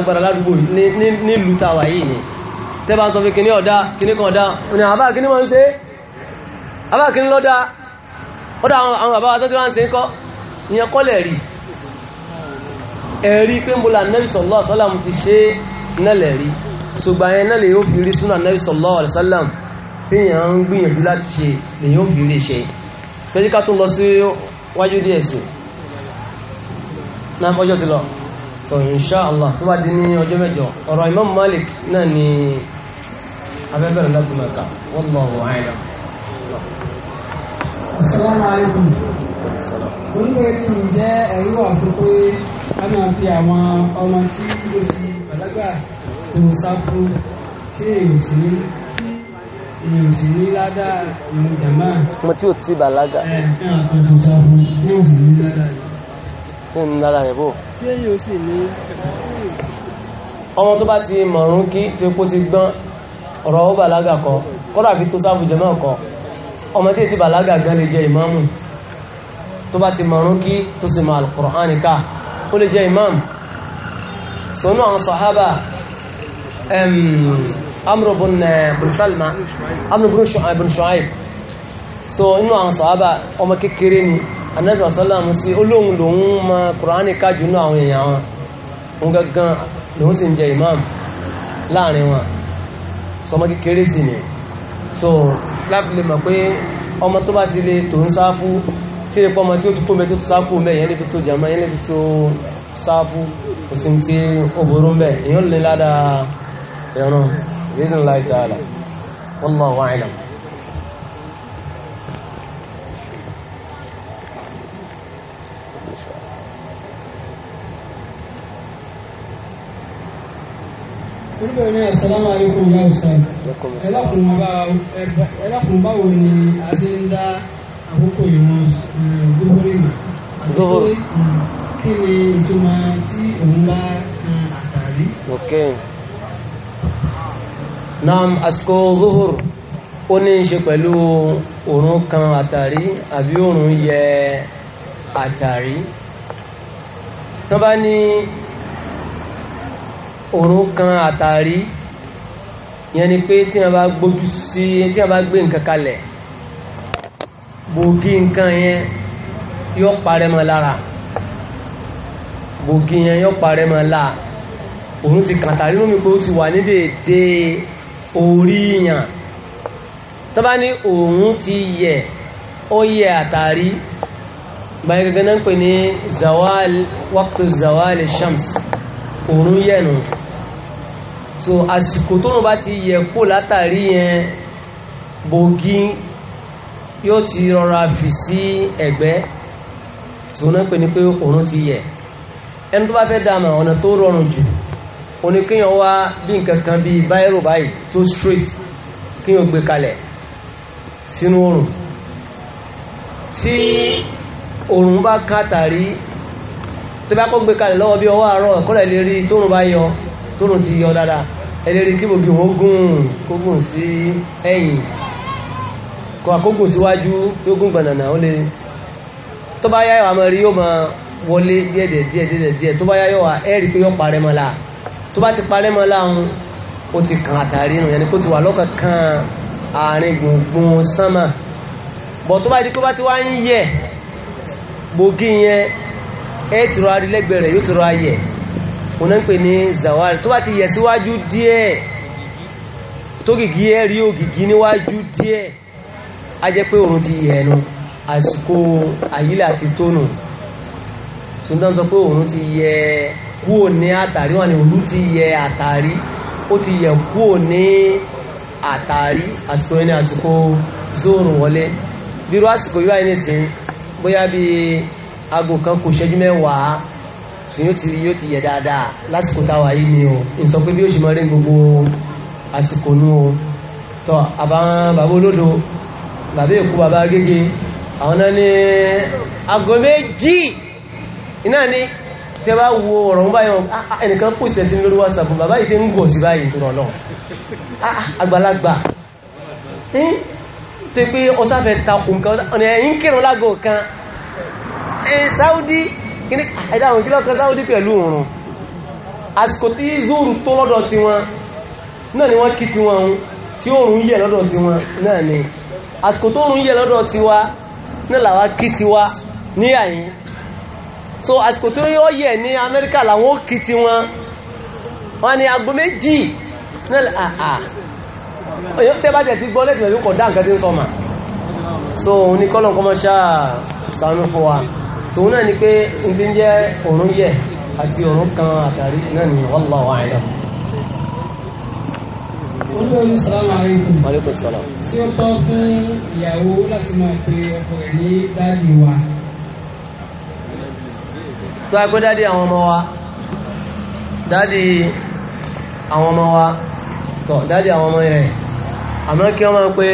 ní ni ni tẹ́bà sọ ní ni àbáàkí ní wọ́n ń ṣe àbáàkí ní lọ́dá ọ̀dá àwọn bàbá wa tó ti wá ń ṣe ń kọ́ ìyẹn kọ́lẹ̀ rí ẹ̀rí pé mbola anabi sallallahu alaihi wasallam ti ṣe nẹ́lẹ̀ rí ṣùgbọ́n yẹn náà lè yóò fi rí súnà anabi sallallahu alaihi wasallam tí èèyàn ń gbìyànjú láti ṣe lè yóò fi rí ṣe sọjí ká tún lọ sí wájú díẹ̀ sí náà ọjọ́ ti lọ so insha Allah tó bá di ní ọjọ́ mẹ́jọ ọ̀rọ̀ Imam Malik náà ni abẹ́bẹ̀rẹ̀ láti mọ̀ká wallahu a'lam. Assalamu alaikum onígbà ètò ǹjẹ́ ẹ̀rí wà fún pé a máa fi àwọn ọmọ tí kò sí bàlágà kò sá fún tí èyí sì ní èyí sì ní ládàá ìlú jàmá. mo tí ò tí bàlágà. ẹ ẹ kò sá fún tí ò sì ní ládàá yìí. kí ni ládàá yẹn bò. tí èyí ò sì ní. ọmọ tó bá ti mọ̀rún kí tí epo ti gbọ́n ọ̀rọ̀ ó bàlágà kọ kọ́dà fi tó sáàbù jẹ́ náà kọ ọmọ tí èyí ti bàlágà gan lè jẹ ìmáàmù tó bá ti mọ̀rún kí tó sì máa al-Qur'an ká ó lè jẹ́ imam sọ́nà àwọn sahaba Amr ibn Salma Amr ibn Shu'aib so inú àwọn sahaba ọmọ kékeré ni anẹ́sọ̀ sọ́lámù sí olóhun lòun ma Qur'an ká jù ní àwọn èèyàn wọn òun gangan lòun sì ń jẹ imam láàrin wọn sọmọ kékeré sí ni so láti lè mọ̀ pé ọmọ tó bá ti lè tòun sáfú tí ẹ pọ́mọ tí ó tún kó mẹ́ tó tún sáfù mẹ́ yẹn níbi tó jàmá yẹn níbi tó sáfù kò sí tí ó burú mẹ́ èyàn lè ládà ẹ̀rọ ìdílé láì tààlà wallahu a'lam. orúkọ mi asalaamu alaykum báwo ni a ti ń dá àkókò ìwọ̀n eh, gbogbo ìmọ̀ àti pé hmm, kí ni ìtumọ̀ tí òun bá kan àtàrí. ok naam àsìkò zuhur ó ní í ṣe pẹ̀lú òórùn kan àtàrí àbí òórùn yẹ àtàrí tí wọ́n bá ní òórùn kan àtàrí yẹn ni pé tí wọ́n bá gbójú sí tí wọ́n bá gbé nǹkan kalẹ̀ bògì nǹkan yẹn yọ parẹ́ mọ́ lára bògì yẹn yọ parẹ́ mọ́ láà òun ti kàtàrí lómi pé ó ti wà ní dèdè orí yàn tó bá ní òun ti yẹ ó yẹ àtàrí báyìí gẹ́gẹ́ náà ń pè ní zawal waqtu zawal shams òun yẹnu so àsìkò tóun bá ti yẹ kó látàrí yẹn bògì yóò ti rọra fi sí ẹ̀gbẹ́ ṣùgbọ́n náà pè ní pé òun ti yẹ̀ ẹni tó bá fẹ́ dáàmà ọ̀nà tó rọrùn jù òní kíyàn wá bí nǹkan kan bíi báírò báyìí tó straight kíyàn gbé kalẹ̀ sínú oòrùn tí oòrùn bá kàtàrí tó bá kó gbé kalẹ̀ lọ́wọ́ bí ọwọ́ àárọ̀ kọ́lẹ̀ lè rí tóòrùn bá yọ tóòrùn ti yọ dáadáa ẹ lè rí kíbòkì wọn gùn kó gùn sí ẹ̀yìn kọ àkókò síwájú tí ó gún gbànànà ó lè tó bá yá àmọ́ rí yóò máa wọlé díẹ̀dẹ̀ díẹ̀ díẹ̀ díẹ̀ tó bá yá yóò wá ẹ́rì pé yóò parẹ́ mọ́ la tó bá ti parẹ́ mọ́ la ń ó ti kàn àtàrí nù yẹni kó ti wà lọ́kàn kan àárín gbùngbùn sánmà bọ̀ tó bá di kó bá ti wá ń yẹ gbòógì yẹn ẹ ti rọ arílẹ́gbẹ̀ẹ́ rẹ̀ yóò ti rọ ayẹ̀ òun náà ń pè ní zawari tó bá ti yẹ síwájú díẹ̀ tó gìgí ẹ rí ògìgí níwájú díẹ̀ a jẹ́ pé òun ti yẹ ẹnu àsìkò àyílẹ̀ àti tónù tuntun sọ pé òun ti yẹ kúò ní àtàrí wọn ni òun ti yẹ àtàrí ó ti yẹ kúò ní àtàrí àsìkò yẹn ni àsìkò zóòrù wọlé bírú àsìkò yíwá yìí nìsín bóyá bí aago kan kò ṣẹ́jú mẹ́wàá sùn yóò ti yóò ti yẹ dáadáa lásìkò táwa yìí ni o n sọ pé bí ó ṣe máa rí gbogbo àsìkò nù o tọ àbá bàbá olódo bàbá èkó bàbá gègé àwọn náà ní aago méjì iná ní tẹ́ bá wo ọ̀rọ̀ ń báyìí wọn ah, ah, ẹnìkan kò sí ẹsìn lórí whatsapp bàbá yìí ṣe ń gọ̀ sí báyìí tó rọ̀ ah, àgbàlagbà tó pé ọsáfẹ́ takùn kan ẹ̀yìn kírun lágọ̀ kan Saudi pẹ̀lú òrùn àsìkò tí zuru tó lọ́dọ̀ tiwọn náà ni wọ́n kí tiwọn tí òrùn yẹ̀ lọ́dọ̀ tiwọn náà ni àsìkò tó rùn yẹ lọ́dọ̀ tiwa náà làwa kí tiwa ní àyín so àsìkò tó yọ yẹ ní amẹ́ríkà làwọn ó kí tiwọn wọ́n ní agbo méjì náà àà so ní kọ́lọ̀ kọ́mọ́ so náà ni pé n ti ń jẹ́ òórùn yẹ àti òórùn kan àtàrí náà olórí sàlámà àlékún. maaleykum salaam. tí ó tọ́ fún ìyàwó láti máa pe ọkọ rẹ̀ ní dáàbì wa. tó a gbé dáàdì àwọn ọmọ wa dáàdì àwọn ọmọ wa tọ̀ dáàdì àwọn ọmọ rẹ̀ àmọ́ kí wọ́n máa pe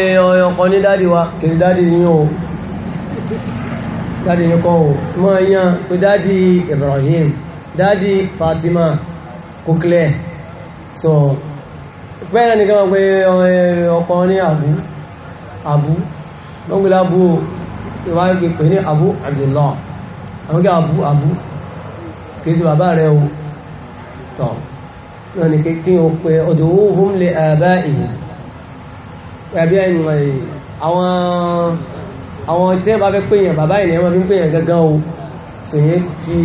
ọkọ ní dáàdì wa kì í dáàdì yín o dáàdì yín kọ́ o máa yan pé dáàdì Ibrahim dáàdì Fatima kókílẹ̀ So, pẹ́ẹ̀rẹ́ nìkan wọ́n pé ọkọ̀ ní àbú àbú lọ́gbẹ̀lá bú ìwà ń pè ní àbú Abdullah àwọn kí àbú àbú kìí sí bàbá rẹ̀ o tọ̀ náà ni kí eh, o pé ọdún ohun lè àbá ìhì ẹbí ẹni àwọn àwọn tí wọ́n bá fẹ́ pèèyàn bàbá ìyẹn wọ́n fi o sòyẹ́ fi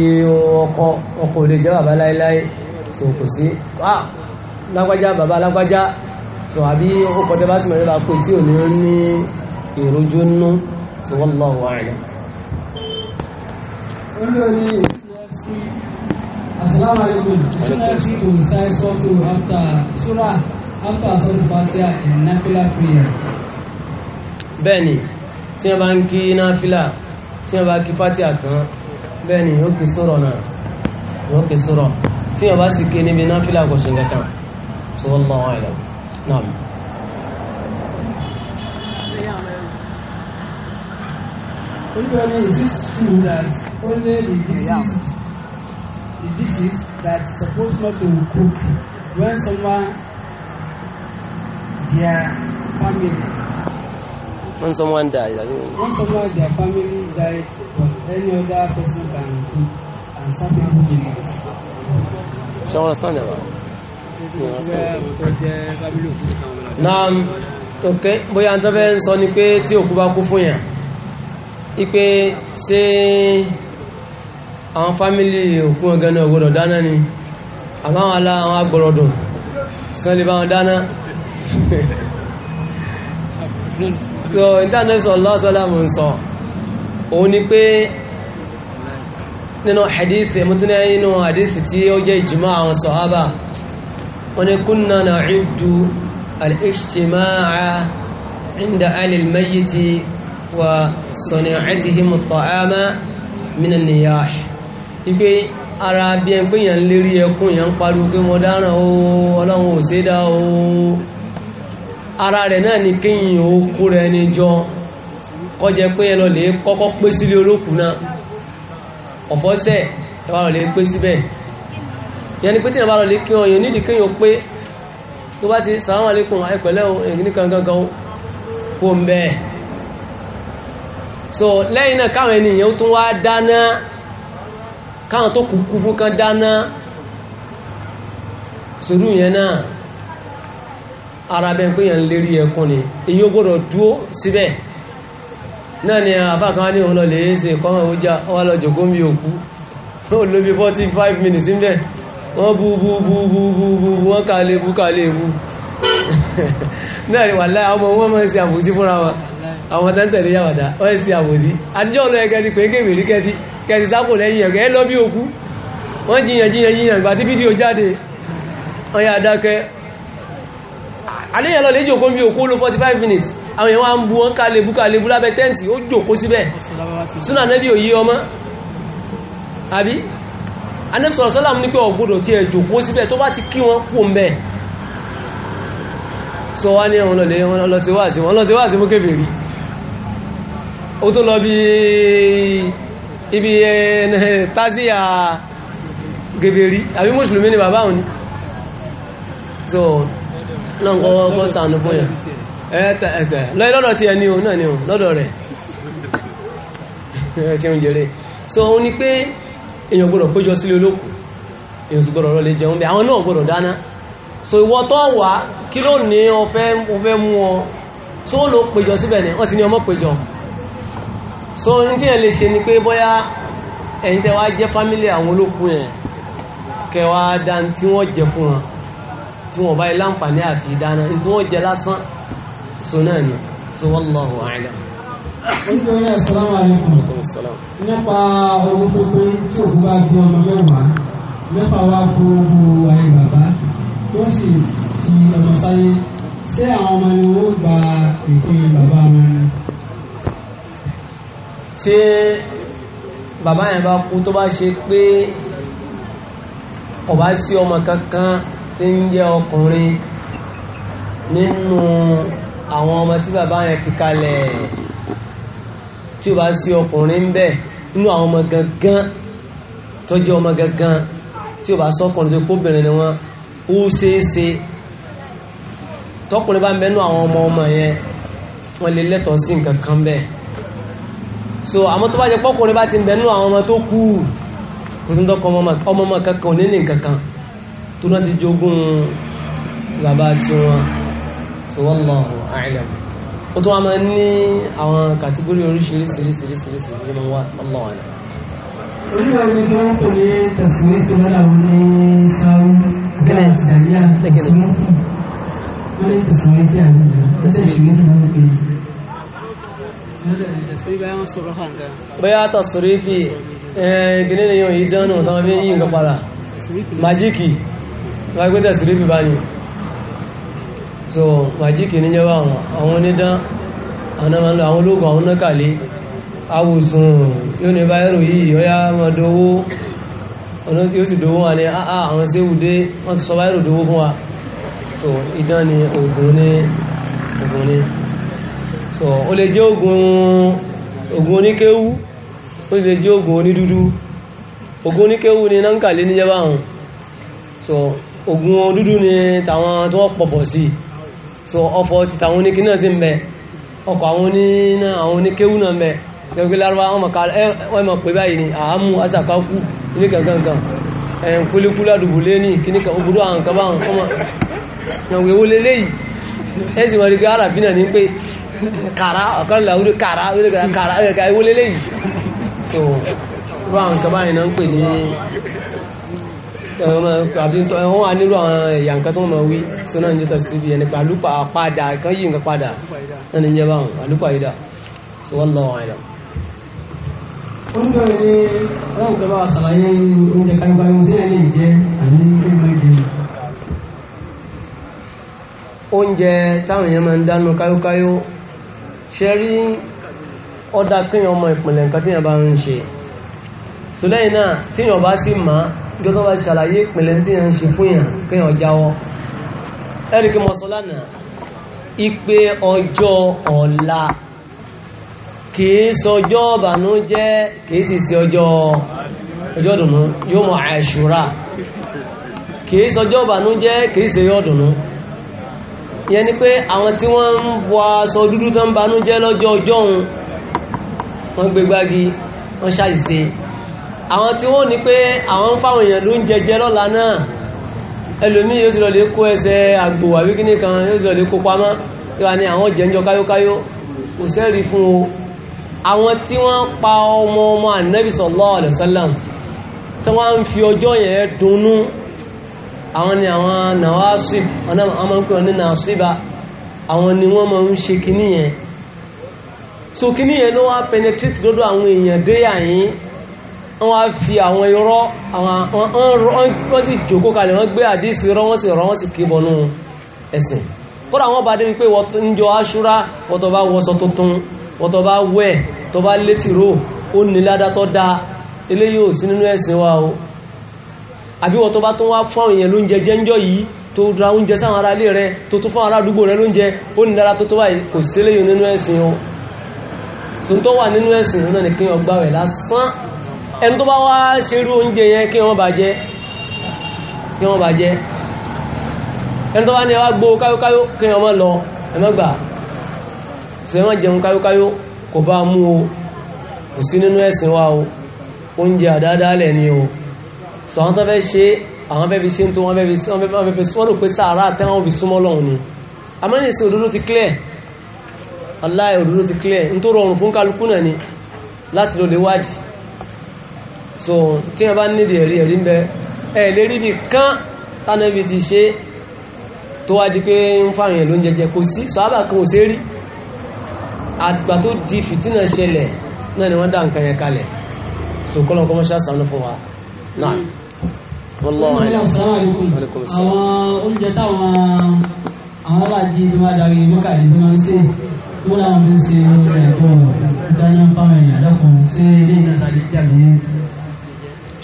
ọkọ̀ ọkọ̀ lè jẹ́ bàbá láéláé sòkò sí ah! lágbájá bàbá lágbájá tó àbí ó kọjá bá sì mọ̀ nípa pé tí ò ní ní èròjú nú tí wọ́n lọ wà rẹ̀. olórí surah after sọ́tò fatia in nafila prayer. bẹ́ẹ̀ni tí wọ́n bá ń kí nafila tí wọ́n bá kí fatia tán bẹ́ẹ̀ni ó kì í sọ̀rọ̀ náà ó kì í sọ̀rọ̀ tí wọ́n bá sì ké níbi nafila kò ṣe nǹkan والله أعلم نعم Only is it true that only this disease, the disease that's supposed not to cook when someone their family when someone dies, When someone their family died, but any other person can cook and some people do it. Do you understand naam ok bóyá n tọ́bẹ̀ ń sọ ni pé tí òkú bá kú fún yàn ipe ṣé àwọn fámílì òkú ọ̀gá náà dáná ni àbáwọn alá àwọn agbọ̀rọ̀dọ̀ sọ́lé bá wọn so intanẹ́sọ̀ lọ́sọ́lámù ń sọ òun ni pé nínú hadith ẹmútúnẹ́ inú hadith tí ó jẹ́ ìjìmọ́ àwọn sọ̀hábà wọ́n ni kúnnà na ìdú al'ishtima'a inda alilmayiti wa sọ̀nìyàtìhìm tọ́ámá minan niyah ipé ara bí ẹn pé yàn lérí ẹkùn yàn pariwo pé wọ́n dáràn ó ọlọ́run ò sí ọ̀fọ́sẹ̀ ẹwà lè pé síbẹ̀ yẹn ni pé tí ìyàbá lọlé kí wọn yẹn nídìí kéèyàn pé tó bá ti sàlámù alékùn àìpẹ̀lẹ́ ìrìn gangan kò ń so lẹ́yìn náà káwọn ènìyàn tún wá dáná káwọn tó kúkú fún kan dáná sùúrù yẹn ni èyí ó gbọ́dọ̀ dúó síbẹ̀ náà ni àbákan ní òun lọ lè ṣe kọ́mọ̀ ó já wà lọ òkú ó lóbi 45 minutes ń bẹ́ẹ̀ wọ́n bú bú bú bú bú bú wọ́n ká lè bú ká lè bú náà wà láì ọmọ wọn máa ń àbòsí fúnra wọn àwọn tẹ́ntẹ̀lé yàwàdá wọ́n ń àbòsí àtijọ́ ọ̀nà ẹ̀kẹ́ ti pè é kèmèrí sápò lẹ́yìn ẹ̀kẹ́ ẹ anẹ́bí sọ̀rọ̀ sọ́làmù ní pé ọ̀gbọ́dọ̀ tí ẹ jòkó síbẹ̀ tó bá ti kí wọn kú mbẹ́ sọ wá ní ẹ̀wọ̀n lọ́lẹ̀ wọn lọ́sẹ̀ wá sí wọn lọ́sẹ̀ wá sí mú kébèrè ó tó lọ bí ibi tásíyà gèbèrè àbí mùsùlùmí ni bàbá so náà kọ́ kọ́ sànù fún yẹn ẹ̀ẹ́tẹ̀ẹ̀tẹ̀ lọ́dọ̀ tí ẹ ní o náà ní o lọ́dọ̀ rẹ̀ ẹ̀ ṣeun so ó ní pé èyàn gbọ́dọ̀ péjọ sílé olókù èyàn sì gbọ́dọ̀ lọlé jẹun bẹ àwọn náà gbọ́dọ̀ dáná so ìwọ tó wà kí ló ní ọfẹ́ ọfẹ́ mú ọ tó ló péjọ síbẹ̀ ní wọ́n ti ní ọmọ péjọ so n tí ẹ lè ṣe ni pé bóyá ẹ̀yin tẹ́ wá jẹ́ fámílì àwọn olókù yẹn kẹ wá dá tí wọ́n jẹ fún wọn tí wọ́n bá yẹ láǹfààní àti ìdáná tí wọ́n jẹ lásán so náà ni so wallahu a'lam ojú assalamu alaikum nípa owó pépé tí òkú bá gbé ọmọ mẹ́wàá mẹ́fà wá kó owó ayé bàbá tó sì fi ọmọ sáyé ṣé àwọn ọmọ ni wọ́n gba ìpín bàbá wọn ni. tí bàbá yẹn bá kú tó bá ṣe pé kò bá sí ọmọ kankan tí ń jẹ́ ọkùnrin nínú àwọn ọmọ tí bàbá yẹn fi tí ó bá sí ọkùnrin ń bẹ inú àwọn ọmọ gangan tó jẹ́ ọmọ gangan tí ó bá sọ́kùnrin tó kóbìnrin ni wọ́n ó ṣeéṣe tọkùnrin bá ń bẹ nú àwọn ọmọ ọmọ yẹn wọ́n lè lẹ́tọ̀ọ́ sí nǹkan kan bẹ́ẹ̀ so àmọ́ tó bá jẹ́ pọ́kùnrin bá ti ń bẹ nú àwọn ọmọ tó kú kò sí dọ́kọ̀ ọmọ ọmọ kankan ò ní nǹkan kan tó náà ti jogún bàbá tiwọn so wallahu a'lam ó tó wá máa ń ní àwọn kàtígórí oríṣiríṣiríṣiríṣiríṣi nínú wa ọlọ́wà ni. olúwa ni kí wọ́n kò ní tẹ̀síwé tó lọ́la wọn ní sáwọ́ bẹ́ẹ̀ sàríà tẹ̀síwé tó wọ́n ní tẹ̀síwé tí a nílò ó sì ṣe nípa wọn pé. bóyá tọ̀sírífì gínílẹ̀ yóò yí dánù táwọn bí yí nǹkan padà májíkì wọ́n gbé tẹ̀sírífì báyìí. so màjíkì ní jẹ́wọ́ àwọn àwọn onídán àwọn ológun àwọn nákàlẹ̀ awùsùn yóò ní báyẹ̀rù yìí ọya máa dowó ọ̀nà tí ó sì dowó a ní àà àwọn séwùdé wọ́n ti sọ báyẹ̀rù dowó wa so idán ni ogun ogun so ogun ogun ogun ni so ọfọ títà àwọn oníkí náà sí ń bẹ ọkọ̀ àwọn oníná àwọn oníkéwú náà ń bẹ gẹ́gẹ́ lárúbá wọn mọ̀ wọn mọ̀ pé báyìí ni àámú asàkákú ní gangan ẹ̀yìn kúlíkúlá dùbùlé ní kíníkà òbúrú àwọn kan báwọn ọmọ ìwé owó lélé yìí ẹ̀sìn wọn rí pé ara fínà ní pé kàrá ọ̀kan làwúrí kàrá kàrá ẹ̀ka owó lélé yìí so rú àwọn kan báyìí náà ń pè ní wọ́n wà nílò àwọn ẹ̀yà nǹkan tó mọ̀ wí sọ́nà ní tọ́sí síbi ẹni pé àlùpà padà kan yìí nǹkan padà náà ní jẹba àwọn àlùpà yìí dà so wọ́n lọ àwọn àìlà. wọ́n bẹ̀rẹ̀ ní aláǹkan bá ṣàlàyé oúnjẹ kanibari wọn sílẹ̀ lè jẹ́ àní nígbà ìgbìmọ̀. oúnjẹ táwọn èèyàn máa ń dánú káyókáyó ṣe rí ọ̀dà kéèyàn ọmọ ìpìlẹ̀ nǹkan téèyàn bá ń ṣe so lẹ́yìn náà tí èèyàn bá sì mọ̀ bí ọkọ̀ bá ṣàlàyé ìpìnlẹ̀ tí èèyàn ń ṣe fún èèyàn kéèyàn jáwọ́ ẹ̀ríkì mọ́sán lánàá ipe ọjọ́ ọ̀la kìí sọjọ́ ọ̀bànújẹ́ kìí sì sí ọjọ́ ọjọ́ ọ̀dùnú yóò mọ̀ àṣùrà kìí sọjọ́ ọ̀bànújẹ́ kìí sì yọ́ ọ̀dùnú yẹn ni pé àwọn tí wọ́n ń wọ aṣọ dúdú tó ń banújẹ́ lọ́jọ́ ọjọ́ òun wọ́n gbégbági wọ́n ṣàìṣe àwọn tí wọ́n ní pé àwọn ń fáwọn èèyàn ló ń jẹjẹ lọ́la náà ẹlòmí yóò sì lọ lè kó ẹsẹ̀ àgbò àbí kíní kan yóò sì lè kó pamọ́ yóò ní àwọn jẹ́njọ káyókáyó kò sẹ́rí fún o àwọn tí wọ́n pa ọmọ ọmọ ànábì sallallahu alaihi wasallam tí wọ́n ń fi ọjọ́ yẹn dunnú àwọn ni àwọn nawasib ọmọ nǹkan ní nàásìbà àwọn ni wọ́n máa ń ṣe kíní yẹn so kíní yẹn ló wá penetrate lọ́dọ̀ àwọn èèyàn dé yàyín wọ́n fi àwọn irọ́ wọ́n sì jókòó kalẹ̀ wọ́n gbé àdísì irọ́ wọ́n sì rọ́ wọ́n sì kébọnú ẹ̀sìn kọ́dà wọ́n bá dé wípé níjọ aṣúra wọ́tọ̀ bá wọ́sọ tuntun wọ́tọ̀ bá wẹ̀ tó bá létí ró ó ní ládá tó dá ilé yóò sí nínú ẹ̀sìn wa o àbí wọ́tọ̀ bá tún wá fún àwọn èèyàn lóúnjẹ jẹ́ńjọ́ yìí tó ra oúnjẹ sáwọn ará ilé rẹ tó tún fún ará àdúgbò rẹ lóúnjẹ ó ní lára tó báyìí kò sí eléyìí nínú ẹ̀sìn o sùn tó wà nínú ẹ̀sìn náà ni kí wọ́n lásán ẹni tó bá wá ṣerú oúnjẹ yẹn kí wọ́n bà jẹ́ kí wọ́n bà jẹ́ ẹni tó bá ní ẹwà gbó káyókáyó kí wọ́n mọ́ lọ ẹmọ́gbà ṣe wọ́n jẹun káyókáyó kò bá mú o kò sí nínú ẹ̀sìn wa o oúnjẹ àdáadáalẹ̀ ni o sọ àwọn tó fẹ́ ṣe àwọn fẹ́ fi ṣe tó wọ́n fẹ́ fi sọ́nù pé sàárà àtẹ́wọ̀n fi súnmọ́ lọ́hùn ni amẹ́nìsìn òdodo ti clear aláì òdodo ti clear nítorí ọrùn fún kálukú náà ni láti lọ lè wádìí so tí wọ́n bá nídìí ẹ̀rí ẹ̀rí ń bẹ ẹ̀ lérí bí kán tánàbí ti ṣe tó wá di pé ń fàrin ẹ̀ ló ń jẹjẹ kò sí sọ́ábà kan ò sí rí àtìgbà tó di fìtínà ṣẹlẹ̀ náà ni wọ́n dá nǹkan yẹn kalẹ̀ so kọ́lọ̀ kọ́mọ́ ṣá sàánú fún wa náà wallahu àwọn oúnjẹ táwọn àwọn aláàjì tó máa darí mọ́kàlì tó máa ń ṣe tó láwọn fi ń ṣe ẹ̀kọ́ ìdáná fáwọn èèyàn lẹ́kùnrin sí ilé ìdásáyé tí àgbẹ̀yìn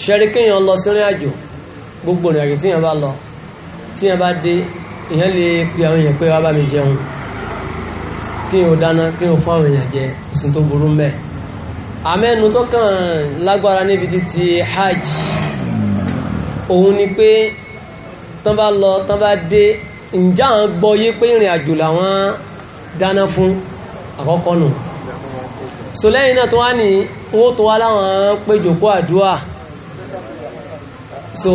ṣẹ́rí kéèyàn lọ sírìn àjò gbogbo ìrìn àjò tíyàn bá lọ tíyàn bá dé èèyàn lè pe àwọn èèyàn pé wá bá mi jẹun kéèyàn ò dáná kéèyàn ò fún àwọn èèyàn jẹ òsì tó burú mbẹ àmẹ́nu tó kàn lágbára níbi títí hajj òun ni pé tán bá lọ tán bá dé ǹjẹ́ àwọn gbọ́ yé pé ìrìn àjò làwọn dáná fún àkọ́kọ́ nù so náà tó wá ní owó tó wá láwọn péjòkó àdúrà so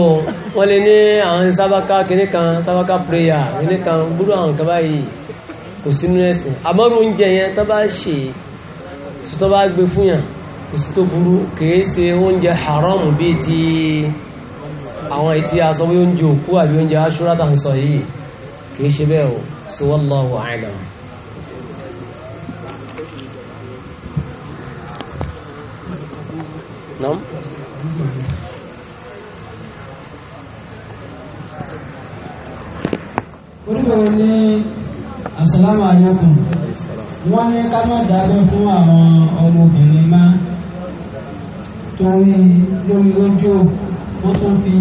wọ́n lè ní àwọn sábàká kìíní kan sábàká prayer kìíní kan gbúrú àwọn kan báyìí kò sínú ẹ̀sìn àmọ́rù oúnjẹ yẹn tó bá ṣe tó tó bá gbé fún yàn kò sí tó burú kìí ṣe oúnjẹ haram bíi ti àwọn etí aṣọ bí oúnjẹ òkú àbí oúnjẹ aṣúra tà ń sọ yìí kìí ṣe bẹ́ẹ̀ o so wallahu a'lam. Nam? No? orúkọ ní asàlámù alaykum wọ́n ní ká má dábẹ́ fún àwọn ọmọbìnrin má torí lórí lójú wọ́n tún fi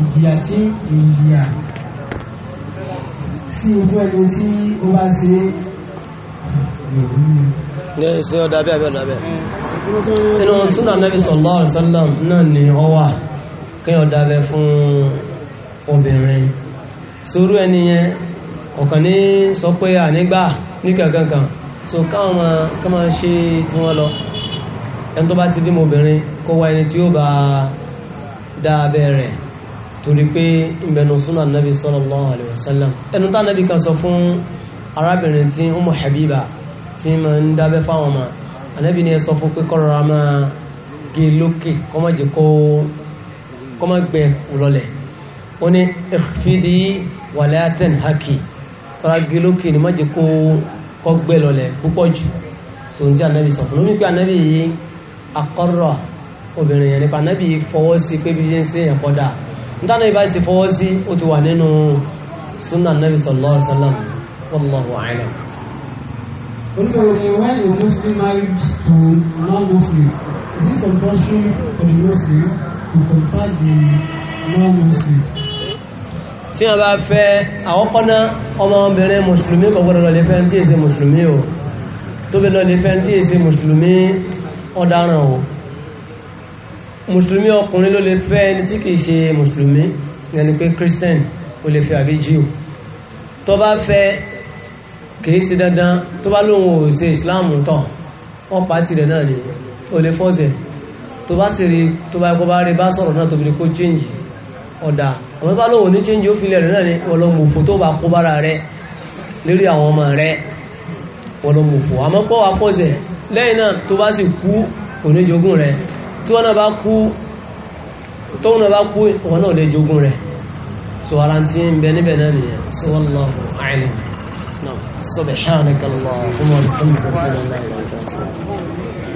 ìjìyà tí ìjìyà sí ojú ẹni tí ó bá ṣe ní ṣe ọ̀dà bí abẹ́ ọ̀dà bẹ́ inú súnà Nabi sallallahu alaihi wasallam náà ni ọwà kí ọ̀dà bẹ́ fún obìnrin soro ẹni yẹn ọ̀kan ní sọ pé ànígbà ní kankankan so káwọn ká máa ṣe tí wọ́n lọ ẹni tó bá ti bímọ obìnrin kó wá ẹni tí ó bá dá abẹ́ rẹ̀ torí pé ìbẹ̀nu súnà nàbì sallallahu alaihi ẹnu tá kan sọ fún arábìnrin tí Habiba tí ma ń dábẹ́ fáwọn ọmọ ni ẹ sọ fún pé máa gé lókè ó ní ìfìdí haki àtẹnhàkì tọ́ra gé lókè ní májè so kọ́gbẹ́ lọlẹ̀ ana jù sọ fún mi pé ànábì yìí akọ́rọ̀ obìnrin yẹn nípa ànábì yìí fọwọ́ sí pé bí se ń ṣe yẹn kọ́ dáa níta ànábì bá o ti sunna sallallahu alaihi wasallam wallahu a'lam. Muslim to non-Muslim, is it compulsory tí wọ́n bá fẹ́ àwọ́kọ́ná ọmọbìnrin mùsùlùmí kò gbọ́dọ̀ lọ́lẹ́ fẹ́ tí èsì mùsùlùmí o tó bẹ lọ́lẹ́ fẹ́ tí èsì mùsùlùmí ọ̀daràn o mùsùlùmí ọkùnrin ló lè fẹ́ ẹni tí kìí ṣe mùsùlùmí ẹni pé christian ó lè fẹ́ àbí jew tó bá fẹ́ kìí ṣe dandan tó bá lóun ò ṣe islam tọ̀ wọ́n pàtì rẹ̀ náà ni ó lè fọ́ọ̀sẹ̀ tó bá sì rí tó bá ẹkọ bá rí bá sọ̀rọ̀ náà tó fi kó change ọ̀dà àwọn bá lóhun ní change ó filẹ̀ rẹ̀ náà ni ọlọ́mùfò tó bá kó bára rẹ̀ lórí àwọn ọmọ rẹ̀ ọlọ́mùfò àmọ́ pọ́ wa pọ̀sẹ̀ lẹ́yìn náà tó bá sì kú oníjogún rẹ̀ tí wọ́n náà bá kú tóun náà bá kú wọn náà lè jogún rẹ̀ so ara ti ń bẹ níbẹ̀ náà nìyẹn so wallahu a'lam subhanaka allahumma wa bihamdika